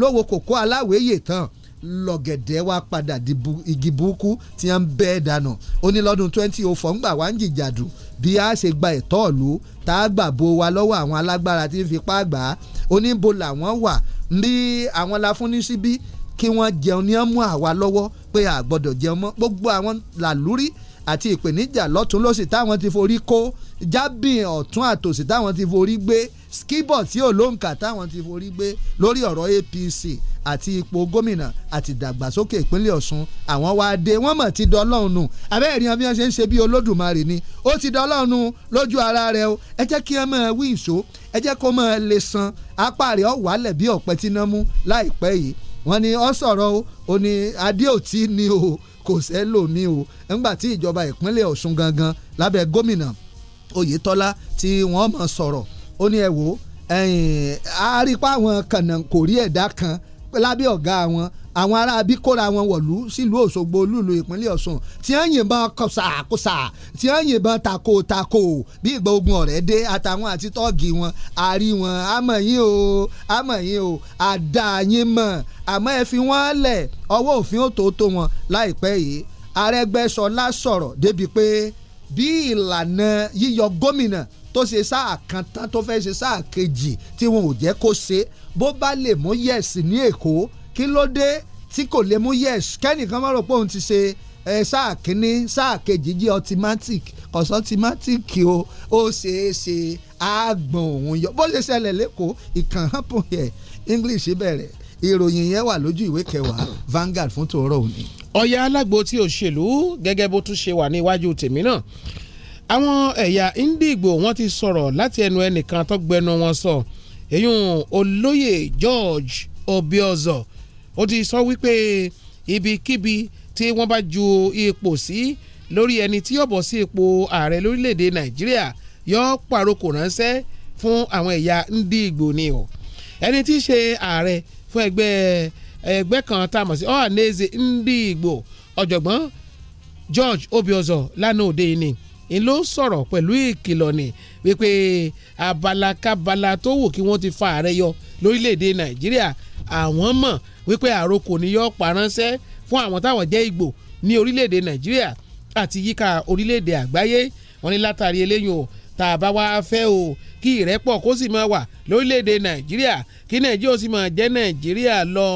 ló wo kòkó aláwèéyè tán lọ̀gẹ̀dẹ̀ wá padà di igi burúkú tí wọ́n ń bẹ́ẹ̀ dànù ó ní lọ́dún twenty oh four ńgbà wá ń jìjàdù bí a ṣe gba ẹ̀tọ́ ìlú tá a gbà bo wa lọ́wọ́ àwọn alágbára tí ń fipá gbà á oníbo làwọn wà bí àwọn la fún ní síbí kí wọ́n jẹun ní ọmú àwa lọ́wọ́ pé a jẹun mọ́ gbogbo àwọn làlúrí àti ìpèníjà lọ́tún lọ́sì táwọn ti forí kó jábìn ọ̀tún àtòsí táwọn ti forí gbé skibọ̀ tí ò lóǹkà táwọn ti forí gbé lórí ọ̀rọ̀ APC àti ipò gómìnà àti ìdàgbàsókè ìpínlẹ̀ Ọ̀ṣun àwọn wa dé wọ́n mọ̀ ti dọ́lọ́run nù abẹ́rẹ́ ìrìn bí wọ́n ṣe ń ṣe bí olódùmarè ni ó ti dọ́lọ́run nù lójú ara rẹ o ẹ jẹ́ kí wọ́n máa wí ìṣó ẹ jẹ́ kó máa lè san apá rẹ̀ ọ̀ wálẹ̀ bí ọ̀pẹ tí náà mú láìpẹ́ yìí wọ́n ní ọ sọ̀rọ̀ o ò ní adé òtí ni o kò sẹ́lòmí o nígbà tí ìjọba ìpínlẹ̀ Ọ̀ṣun gangan lábẹ́ gómìnà Oyètọ́lá tí wọ́n mọ̀ sọ̀rọ̀ ó ní ẹ wò ó àárípa àwọn kànáà kò rí ẹ̀dá kan lábẹ́ ọ̀gá wọn àwọn aráabí kóra wọn wọ̀lú sílùú Òṣogbo lùlù ìpínlẹ̀ Ọ̀ṣun tí wọ́n yìnbọn kọsàkọsà tí wọ́n yìnbọn takotako bí ìgbà ogun ọ̀rẹ́ dé àtàwọn àti tọ́ọ̀gì wọn àrí wọn àmọ̀ yín o àmọ̀ yín o àdá yín mọ̀ àmọ́ ẹ fi wọ́n lẹ̀ ọwọ́ òfin ó tó tó wọn láìpẹ́ yìí Arẹ́gbẹ́ṣọlá sọ̀rọ̀ débi pé bí ìlànà yíyọ gómìnà tó ṣe sáà kan tán tó fẹ́ ṣe sáà kejì tí wọn ò jẹ́ kó ṣe bó bá lè mú yes ní èkó kí ló dé tí kò lè mú yes kẹ́nìkan má rò pé òun ti ṣe ẹ sáà kínní sáà kejì jẹ́ automatic kọ̀sọ́tìmátìk o ó ṣeé ṣe àgbọ̀n òun yọ bó ṣe ṣẹlẹ̀ lẹ́kọ̀ọ́ ìkàn happen here English bẹ̀rẹ̀ ìròyìn yẹn wà lójú ìwé kẹwàá Vanguard fún tòórọ́ òní. ọ̀yà alágbo tí òṣèlú gẹ́gẹ́ bó tún ṣe wà níwájú tèmi náà àwọn ẹ̀yà Ìndìgbò wọ́n ti sọ̀rọ̀ láti ẹnu ẹnìkan tó gbẹnu wọn sọ. So èyún olóyè George Obiozor ó ti sọ wípé ibikíbi tí wọ́n bá ju ipò sí lórí ẹni tí yọ̀bọ̀ sí ipò ààrẹ lórílẹ̀‐èdè Nàìjíríà yọ pàrokò ránṣẹ́ fún àwọn ẹ̀yà Ndigbo ni o ẹni tí í ṣe ààrẹ fún ẹgbẹ́ ẹgbẹ́ kan tá a mọ̀ sí Ohanaeze Ndigbo ọ̀jọ̀gbọ́n George Obiozor lánàá òde yìí ni ń ló sọ̀rọ̀ pẹ̀lú ìkìlọ̀ ni wípé abalakabala tó wù kí wọ́n ti fa ààrẹ yọ lórílẹ̀‐èdè nàìjíríà àwọn mọ̀ wípé àròkò ni yọ paránsẹ́ fún àwọn táwọn jẹ́ ìgbò ní orílẹ̀‐èdè nàìjíríà àti yíká orílẹ̀‐èdè àgbáyé wọn ní látàrí eléyìí o tá a bá wá fẹ́ o kí ìrẹ́pọ̀ kó sì máa wà lórílẹ̀‐èdè nàìjíríà kí nàìjíríà ó sì máa jẹ́ nàìjíríà lọ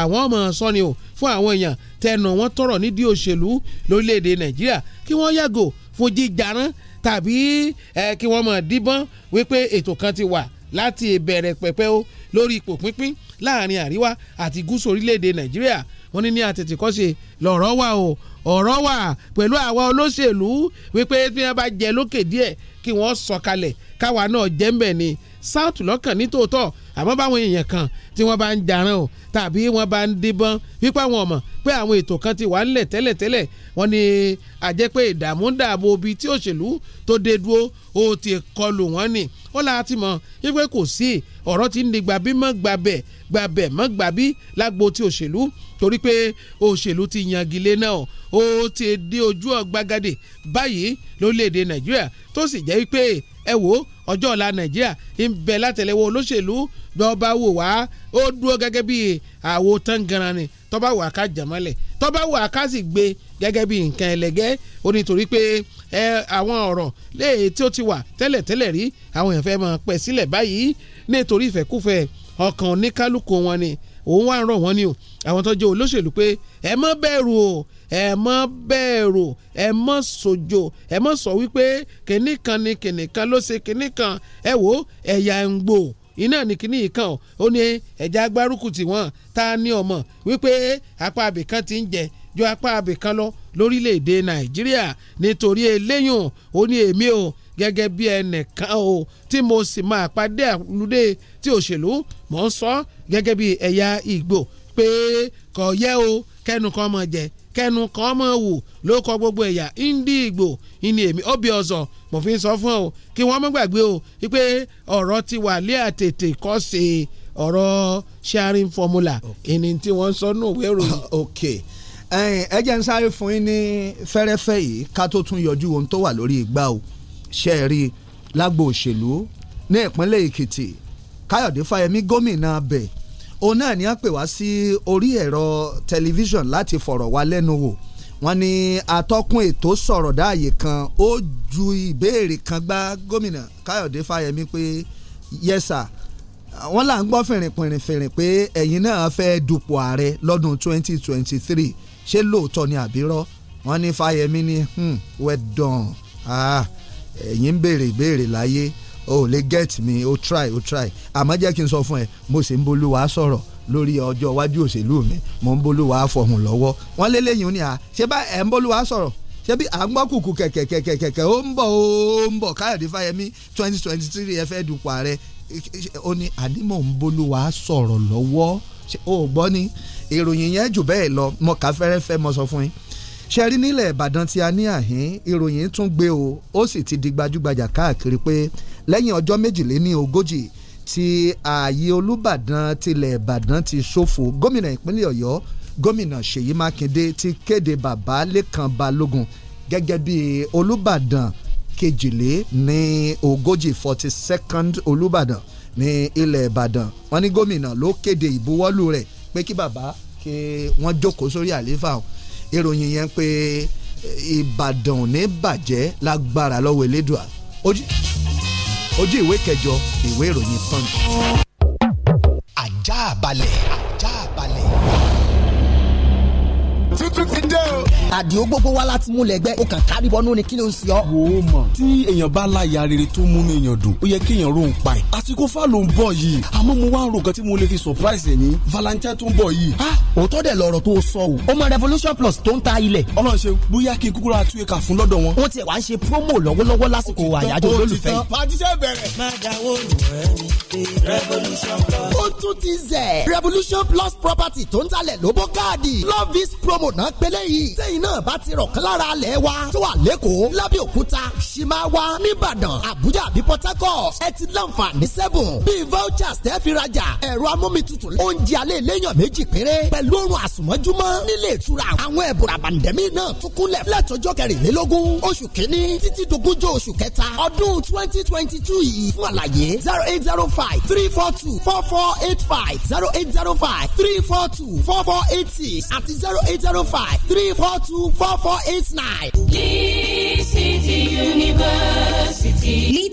àwọn ọmọ sọ́ni o fún àwọn èèyàn tẹnu wọn tọrọ nídìí òṣèlú lórílẹ̀‐èdè nàìjíríà kí wọ́n yàgò fún jíjarán tàbí kí wọ́n mọ̀ díbọ́n wípé ètò kan ti wà láti ìbẹ̀rẹ̀ pẹ̀pẹ̀ o lórí ipò pínpín láàrin àríwá àti gúúsù orílẹ̀-èdè nàìjíríà wọ́n ní ní àtètèkọ́ṣe lọ̀rọ̀ wà o ọ̀rọ̀ wà pẹ̀lú àwa olóṣèlú wípé bí wọ́n bá jẹ lókè díẹ̀ kí wọ́n sọ̀kalẹ̀ káwa náà jẹ́ mbẹ̀ ni south lọ́kàn nítòótọ́ àmọ́ báwọn èèyàn kan tí wọ́n bá ń jarán o tàbí wọ́n bá ń díbọ́n wípé àwọn ọmọ pé àwọn ètò kan ti wà ńlẹ̀ tẹ́lẹ̀tẹ́lẹ̀ wọ́n ní àjẹpẹ́ ìdààmú dààbò ibi tí òṣèlú tó dé dúró ó ti kọlù wọ́n ni ó la ti mọ̀ wípé kò sí ọ̀rọ̀ tí ń di gbàbí mọ́ gbàbẹ̀ gbàbẹ̀ mọ́ gbàbí lágbo ti òṣèlú torí pé òṣèlú ti yangilé náà ó ti dé ojú ọ̀gbagadè báyìí lórílẹ̀‐èdè nàìjíríà tó sì jẹ́ wípé ẹ wò ó ọjọ́ ọ̀la nàìjíríà ń bẹ látẹ̀lẹ́wọ́ olóṣèlú bí wọ́n bá wò wá ó dúró gẹ́gẹ́ bí àwo tán ganan ni tó bá wà ká jàmọ́lẹ̀ tó bá wà ká sì gbé gẹ́gẹ́ bí nǹkan ẹlẹ́gẹ́ ó ní torí pé ẹ àwọn ọ̀rọ̀ léè tí ó ti wà tẹ́lẹ̀tẹ́lẹ̀ rí àwọn èèyàn fẹ́ máa pẹ̀ sílẹ̀ báyìí nítorí ìfẹ́kúfẹ́ ọkàn oníkálukú wọn ni òun wá ń rọ̀ wọ́n ni o àwọn tó jẹ́ olóṣèlú pé ẹ má bẹ̀rù o ẹ mọ́ bẹ̀rù ẹ mọ́ sojo ẹ mọ́ sọ wípé kìnnì kan ni kìnnì kan ló ṣe kìnnì kan ẹ wo ẹ̀yà ń gbò iná ní kíní yìí kan ó ní ẹ̀já gbárùkù tí wọ́n ta ní ọmọ wípé apá abìkan ti ń jẹ ju apá abìkan lọ lórílẹ̀‐èdè nàìjíríà nítorí eléyùn ó ní èmi o gẹ́gẹ́ bí ẹnìkan o tí mo sì máa pàdé àlùdé tí òṣèlú mọ̀ ń sọ gẹ́gẹ́ bí ẹ̀yà ìgbò pé kò yẹ o kẹ́nu kan mọ̀ jẹ́ kẹnu kan mọ̀ wò ló kọ gbogbo ẹ̀yà ndí ìgbò ìní èmi óbí ọ̀sọ̀ mo fi ń sọ fún ọ kí wọ́n má gbàgbé o wípé ọ̀rọ̀ ti wà lé àtètè kọ́ ṣe ọ̀rọ̀ sharing formula ìní tí wọ́n sọ nù òwe ok ẹ jẹ́ sáré fún yín ní fẹ́rẹ́fẹ́ yìí ká tó tún yọjú ohun tó wà lórí igbá o ṣe é rí lágbo òṣèlú ní ìpínlẹ̀ èkìtì káyọ̀dé fáyemí gómìnà bẹ̀ẹ́ òun náà ni wọ́n pè wá sí orí ẹ̀rọ tẹlifíṣàn láti fọ̀rọ̀ wá lẹ́nu wò wọ́n ní atọ́kùn ètò sọ̀rọ̀ dáàyè kan ó ju ìbéèrè kan gbá gómìnà Káyọ̀dé Fáyẹmí pé yẹ́sà wọ́n là ń gbọ́ fìrìnfìrìnfìrìn pé ẹ̀yin náà fẹ́ dupò ààrẹ lọ́dún 2023 ṣé lóòótọ́ ni àbírọ́ wọ́n ní Fáyẹmí ní hmm, well done ah, ẹ̀yin ń béèrè ìbéèrè láyé o lè get me. o try o try àmọ́ jẹ́ kí n sọ fún ẹ mo sì ń bolúwa sọ̀rọ̀ lórí ọjọ́ iwájú òṣèlú mi mo ń bolúwa fọ̀hùn lọ́wọ́ wọ́n lé lẹ́yìn ní à ṣé bá ẹ̀ ń bolúwa sọ̀rọ̀ ṣé bí à ń gbọ́ kùkù kẹ̀kẹ̀kẹ̀kẹ̀kẹ̀ ó ń bọ̀ ó ń bọ̀ káyọ̀dé fáyemí twenty twenty three ẹ fẹ́ dupò ààrẹ ó ní ànímọ̀ ń bolúwa sọ̀rọ̀ lọ́wọ́ ó gbọ́ ni ìròyìn yẹn jù bẹ́ẹ̀ lọ mo kà fẹ́rẹ́fẹ́ mo sọ fún yín ṣe rí nílẹ̀ ìbàdàn tí a ní àhín ìròyìn tún gbé o ó sì ti di gbajúgbajà káàkiri pé lẹ́yìn ọjọ́ méjìléní ogójì tí ààyè olùbàdàn tilẹ̀ ìbàdàn ti ṣòfò gómìnà ìpínlẹ̀ ọ̀yọ́ gómìnà ṣèyí mákindé ti kéde bàbá lẹ́kàn balógun gẹ́gẹ́ bí olùbàdàn kejìlé ní ogójì forty second olùbàdàn ní ilẹ̀ ìbàdàn wọn ní gómìnà ló kéde ìbuwọ́lù rẹ̀ pé kí bàbá kí wọ́n jókòó sórí àlééfà ìròyìn yẹn pé eh, Ìbàdàn ní bàjẹ́ lágbára lọ́wọ́ Elédùà ojú ìwé kẹjọ ìwé ìròyìn Punch. ajá balẹ̀ ajá balẹ̀ tuntun ti dé o. àdìo gbogbo wa láti mú lẹ́gbẹ́ o kàn kárí bọ́nú ni kí ló ń ṣe ọ́. wò ó mọ̀ tí èèyàn bá láya rere tó múnú èèyàn dùn ó yẹ kéèyàn rò ń pa ẹ̀. àsìkò fà ló ń bọ̀ yìí àmọ́ mo wá ń ro nǹkan tí mo lè fi surprise ẹ̀ ní valentine tó ń bọ̀ yìí. a ah, òótọ́ dẹ̀ lọ̀rọ̀ tó sọ o ó mọ revolution plus tó ń ta ilẹ̀. ọlọ́run ṣe bóyá kí n kúkúrú àtúnyẹ promo lọ́wọ́lọ́wọ́ lásìkò àyájọ́ olólùfẹ́ yìí. pàtíṣẹ́ bẹ̀rẹ̀. má revolution revolution plus property tó ń talẹ̀ lóbó love is promo àwòrán gbélé yìí sẹ́yìn náà bá ti rọ̀kán lára alẹ̀ wa tó wà lẹ́kọ̀ọ́ lábẹ́òkúta ṣìmáwá nìbàdàn àbújá àbí port harcourt ẹ ti láǹfààní sẹ́bùn bíi vouchers tẹ́ fi rajà ẹ̀rọ amómitutù oúnjẹ alẹ́ lẹ́yìn méjì péré pẹ̀lú oorun àsùnmọ́júmọ́ nílé ìtura àwọn ẹ̀bùn àbàǹdẹ̀mí náà tún kúnlẹ̀ fúlẹ̀tọ́jọ́ kẹrìnlélógún oṣù kínní títí zero five three four two four four eight nine. Lee City University.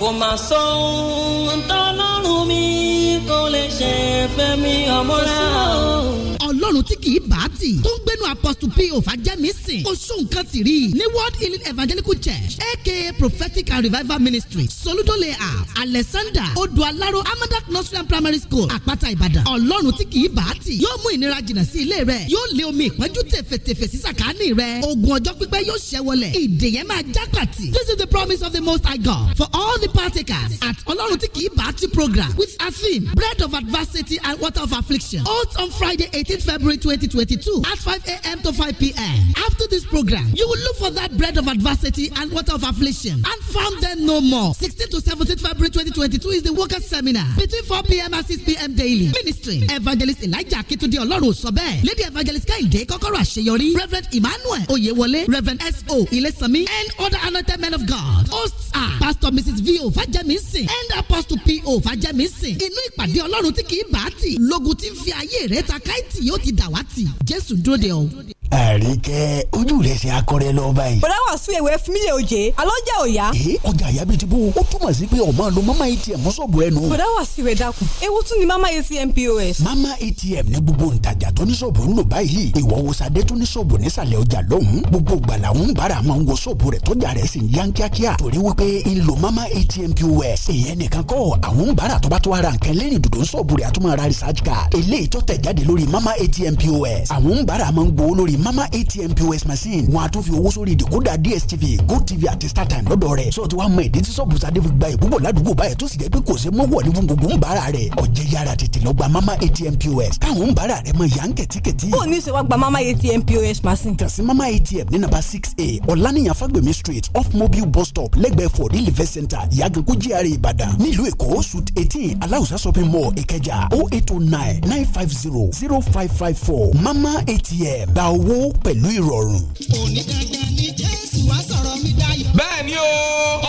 kò mà sọ ohun tọ́lọ́run mi kò lè ṣe fẹ́mi ọmọ rẹ̀ o ọlọ́run tí kì í bá tì tó ń gbénu apostle p o fàjẹ́mísìn oṣù nǹkan ti rí ní world healing evangelical church aka prophetic and revival ministry soludo layout alexander odualaro amadak nursery primary school àpáta ìbàdàn ọlọ́run tí kì í bá tì yóò mú ìnira jìnnà sí ilé rẹ yóò lé omi ìpẹ́jù tẹ̀fẹ̀tẹ̀fẹ̀ sí sàkáání rẹ ogun ọjọ́ pípẹ́ yóò ṣẹ́ wọlẹ̀ ìdè máa já pàtì this is the promise of the most high god for all the partakers at ọlọ́run tí kì í bá tì program with a theme bread of adversity and water of affliction hot on friday eighteen february. February 2022 at 5 a.m. to 5 p.m. After this program, you will look for that bread of adversity and water of affliction and found them no more. 16 to 17 February 2022 is the workers' seminar between 4 p.m. and 6 p.m. daily. Ministry Evangelist Elijah Akitunde Ọlọ́run sọ Lady Evangelist Kehinde Kọ́kọ́rọ́ Àṣeyọrí. Reverend Emmanuel Oyewole. Reverend S.O. Ilesami and other anointed men of God. Hosts are Pastor Mrs. V.O. Fajemisin and Apostle P.O. Fajemisin. Inú ìpàdé Ọlọ́run tí kì í bá tì. Lógun ti ń fi ayé rẹ̀ ti dàwátì jésù dóde o. àríkẹ́ ojú rẹ̀ ṣe akọrẹ lọ báyìí. bọ̀dá wà sún ewé fún oje alọ́jà òya. ee ọjà àyà bíi ti bó o túmọ̀ sí pé ọmọ lo mama atm mọ́sọ̀bù ẹnu. bọ̀dá wà sí ìwé dákun ewu tún ni mama atm pos. mama atm ní gbogbo ntajà tó ní sọ̀bù ń lò báyìí ìwọ wo sadé tó ní sọ̀bù nísàlẹ̀ ọjà lọ́hùn gbogbo gbala ń bára máa ń wo sọ̀bù rẹ̀ tọ́jà rẹ̀ sì ń yan kíákíá torí wípé ń lo mama atm pos èèyàn nìkan kọ́ àwọn ń bára tó bá tó ara nǹkan lẹ́yìn dòdò sọ̀bù rẹ̀ àtúmọ̀ ara research card mama atm atm pos àwọn oníbàárà máa ń gbowó lórí mama atm pos machine wọn a tún fi owó sórí dekoda dstv gotv àti startime lọ́dọ̀ rẹ̀ sọ ti wá mọ ìdí tí sọ́ọ̀bù sadé fi gba ìbúbọ̀ ládùúgbò báyìí tó sì jẹ́ pé kò sí mọ́wọ́ ní fún gbogbo oníbàárà rẹ̀ ọ̀jẹ̀ yára tètè lọ gba mama atm pos káwọn oníbàárà rẹ̀ mọ yàn kẹ̀tíkẹ̀tí. ó ní sèwá gba mama atm pos machine. kàn mama atm ní nàbà six a ọ̀lànìyàn fagbemi street off mobile bus stop lẹ́gbẹ̀ẹ́ for the center ìyàgànkú GRA ìbàdàn nílùú èkó suit eighteen aláùsá shopping mall ìkẹjà o oh eight o oh nine nine five zero zero five five five four mama atm gba owó pẹ̀lú ìrọ̀rùn. òní ni jésù wá sọ̀rọ̀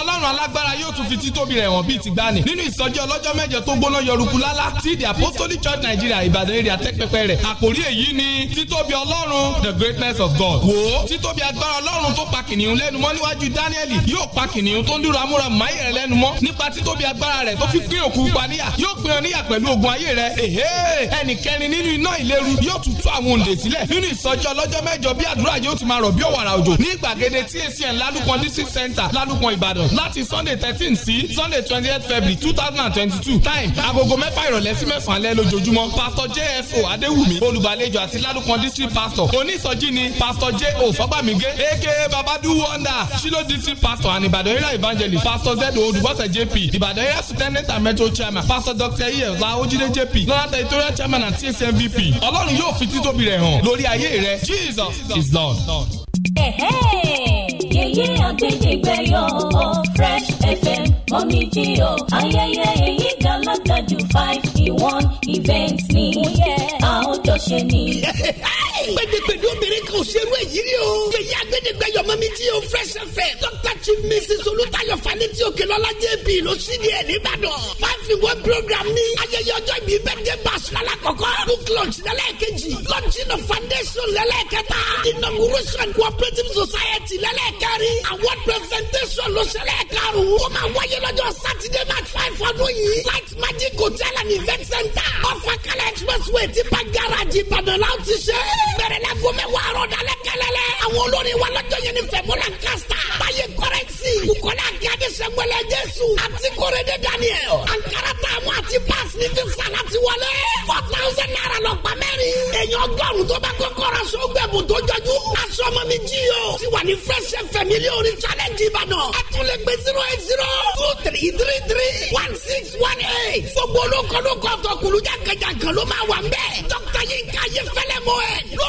ọlọ́run alágbára yóò tún fi títóbi rẹ̀ wọ̀n bíi ti gbani nínú ìsọjí ọlọ́jọ́ mẹ́jọ tó gbóná yọrùkú lálá ti the apostolic church nigeria ìbàdàn èrè àtẹ́pẹpẹ rẹ̀ àkòrí èyí ni títóbi ọlọ́run the greatness of god wò títóbi agbára ọlọ́run tó pa kìnìún lẹ́nu mọ́ níwájú dáníẹ́lì yóò pa kìnìún tó ń dúró amúra máyì lẹ́nu mọ́ nípa títóbi agbára rẹ̀ tó fi pín òkú paníyà yóò pín ọ níyà pẹ̀lú ogun ayé rẹ̀ èhé ẹnìkẹrin nínú iná ìléru yóò tún tú àwọn òǹdè sílẹ̀ nínú ìsọjí ọlọ́jọ́ mẹ́jọ bí àdúrà yóò ti máa rọ̀ bí ọ̀wàrà òjò ní ìgbàgede tsn lálùpọ̀ district center lálùpọ̀ ìbàdàn láti sunday thirteen sí sunday twenty eight february two thousand and twenty two time agogo mẹ́fà ìrọ̀lẹ́ sí mẹ́fà alẹ́ lójoojúmọ́ pastor jfo adéwùmí olùgbàlejò àti ládùkan district pastor onísọjí ni pastor jo fọgbàmígé aka babadu wonder shilo district pastor and ìbàdàn area evangelist pastor zedo odubọsẹ jp ìbàdàn area superintendent and metro chairman pastor dr ef laojide jp lọ́nà territorial chairman and tsmvp ọlọ́run yóò fi títóbi rẹ̀ hàn lórí ayé rẹ̀ jesus is lord. Hey, hey. jí àgbèjìgbẹ yọ ọ fresh fm mọ́mí jí o ayẹyẹ èyí gàlágà ju five in one event ni àwọn jọ ṣe ni. gbẹdẹgbẹdẹ obìnrin kan ò ṣerú èyí rí o. yèyí agbẹdẹgbẹ yọmọ mi tí o fresh fẹ. dókítà chief mrs olùtayọ fanitì òkèlọlá jp ló sì ní ẹ nìbàdàn. five in one program ní. ayẹyẹ ọjọ́ ìbí birthday bash lálàkọ́kọ́. book launch lẹ́lẹ́kejì. launching of foundation lẹ́lẹ́kẹta. inauguration cooperative society lẹ́lẹ́kẹrin. award presentation ló ṣẹlẹ̀ karùn-ún. ó máa wáyé lọ́jọ́ saturday march five ọdún yìí. light magic hotel and event center. ọ̀fà kala expressway ti bá garaji ìbàdàn láti ṣe bẹ̀rẹ̀ rẹ̀ lágọ́ mẹ́wàá àárọ̀ dalẹ̀ kẹlẹ́lẹ́. àwọn olórin wa lọ́jọ́ yẹn ni fẹ̀mú lancaster. báyé kọ́rẹ́sì. kukọ́lá gíadé sẹ́gbẹ́lẹ́ jésù. àti kórede daniel. ankara taamu àti pass ní fi sàlá ti wọlé. four thousand naira lọ gba mẹ́rin. èèyàn ọgọ́rùn tó bá kọ́kọ́ ra so gbẹ̀bù tó jọjú. aṣọ ọmọ mi jí o. ti wà ní fresh fm ilé challenge ìbàdàn. a tún lè gbé zero eight zero two three three three one six one eight. gbogbo olókòlókò tó kulujà kẹjà kan máa wà ń bẹ́ẹ̀. dókítà yín ká yẹ fẹ́lẹ́ mọ́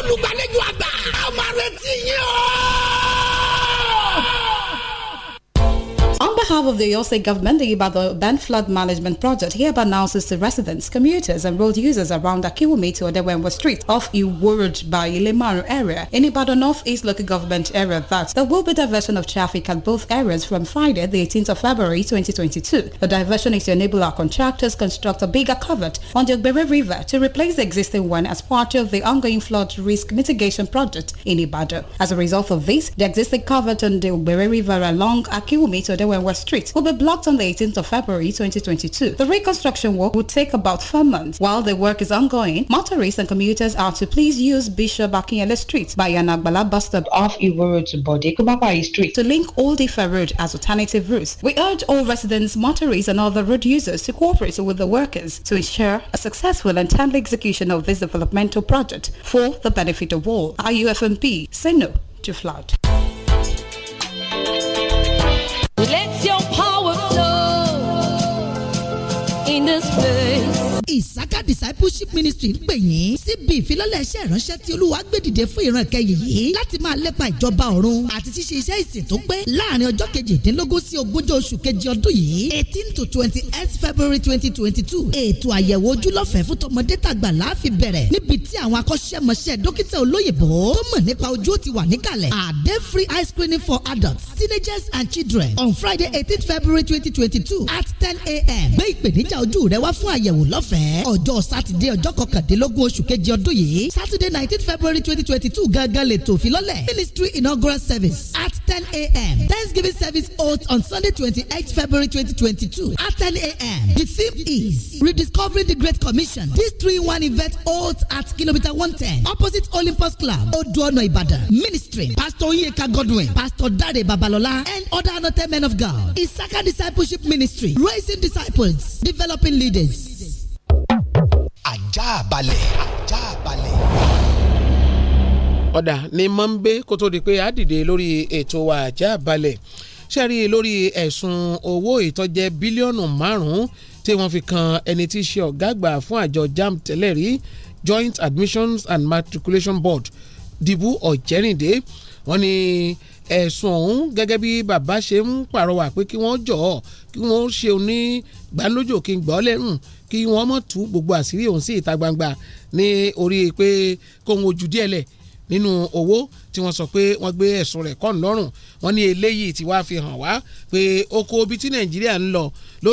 lólùgbàlejò àgbà. àwọn arẹ ti yín o. top of the Yosei government, the Ben Flood Management Project hereby announces to residents, commuters and road users around Akiwumi to Odewenwa Street off Iwurud by Ilemaru area in Ibadan North East Local Government area that there will be diversion of traffic at both areas from Friday, the 18th of February 2022. The diversion is to enable our contractors construct a bigger culvert on the Ogbere River to replace the existing one as part of the ongoing flood risk mitigation project in Ibadan. As a result of this, the existing culvert on the Ogbere River along Akiwumi to Odewenwa Street will be blocked on the 18th of February 2022. The reconstruction work will take about four months. While the work is ongoing, motorists and commuters are to please use Bishop Akinyele Street by Yanagbala bus stop off Iwo Road to Bode Street to link Old Ife Road as alternative routes. We urge all residents, motorists and other road users to cooperate with the workers to ensure a successful and timely execution of this developmental project for the benefit of all. IUFMP say no to flood. ìsáká discipleship ministry ń pè yín síbi ìfilọ́lẹ̀ iṣẹ́ ìránṣẹ́ tí olúwa gbé dìde fún ìran ìkẹyìn yìí láti máa lépa ìjọba ọ̀run àti ṣíṣe iṣẹ́ ìsìn tó pé láàrin ọjọ́ kejìdínlógún sí ogúnjọ́ oṣù kejì ọdún yìí eighteen to twenty eight february twenty twenty two ètò àyẹ̀wò ojúlọ́fẹ̀ẹ́ fún tọmọdé tàgbà láàfin bẹ̀rẹ̀ níbi tí àwọn akọ́ṣẹ́mọṣẹ́ dókítà olóyìnbó tó mọ̀ nípa ojú ó ti wà níkàlẹ̀ àdé free eye screening for adults teenagers and children on friday eighteen february twenty twenty two at ten a.m. gbé ìpèníjà ojú rẹ wá fún àyẹ̀wò lọ́fẹ̀ẹ́ lọ́fẹ̀ẹ́ ọjọ́ sátidé ọjọ́ kọkàndínlógún oṣù kejì ọdún yìí sátidé nineteen february twenty twenty two gangan lè tò ministry inaugural service at ten a.m. thanksgiving service holds on sunday twenty eight february twenty twenty two at ten a.m. the theme is rediscovering the great commission this three one event holds at kilometre one ten opposite olympus club odoona ibadan ministry pastor oyeka godwin pastor dare babalola and other anointed men of god isaka discipleship ministry raising disciples developing leaders ajá balẹ̀ ajá balẹ̀. ọ̀dà ni mo ń gbé kó tó di pé a dìde lórí ètò wa ajá balẹ̀ ṣe rí lórí ẹ̀sùn owó ìtọ́jẹ́ bílíọ̀nù márùn-ún tí wọ́n fi kan ẹni tí í ṣe ọ̀gá àgbà fún àjọ JAMB tẹ́lẹ̀ rí Joint Admissions and Matriculation Board Dìbú Ọ̀jẹ́rìndé wọ́n ní ẹ̀sùn ọ̀hún gẹ́gẹ́ bí bàbá ṣe ń pàrọwà pé kí wọ́n jọ̀ọ́ kí wọ́n ṣeun ní gbanlójò kí n gbọ́ kí wọ́n mọ̀ tú gbogbo àṣírí òun sí ìta gbangba ní orí pé kóhun ojú díẹ̀ lẹ̀ nínú owó tí wọ́n sọ pé wọ́n gbé ẹ̀sùn rẹ̀ kọ́ ńlọ́rùn wọ́n ní eléyìí tí wàá fi hàn wá pé oko ibi tí nàìjíríà ń lọ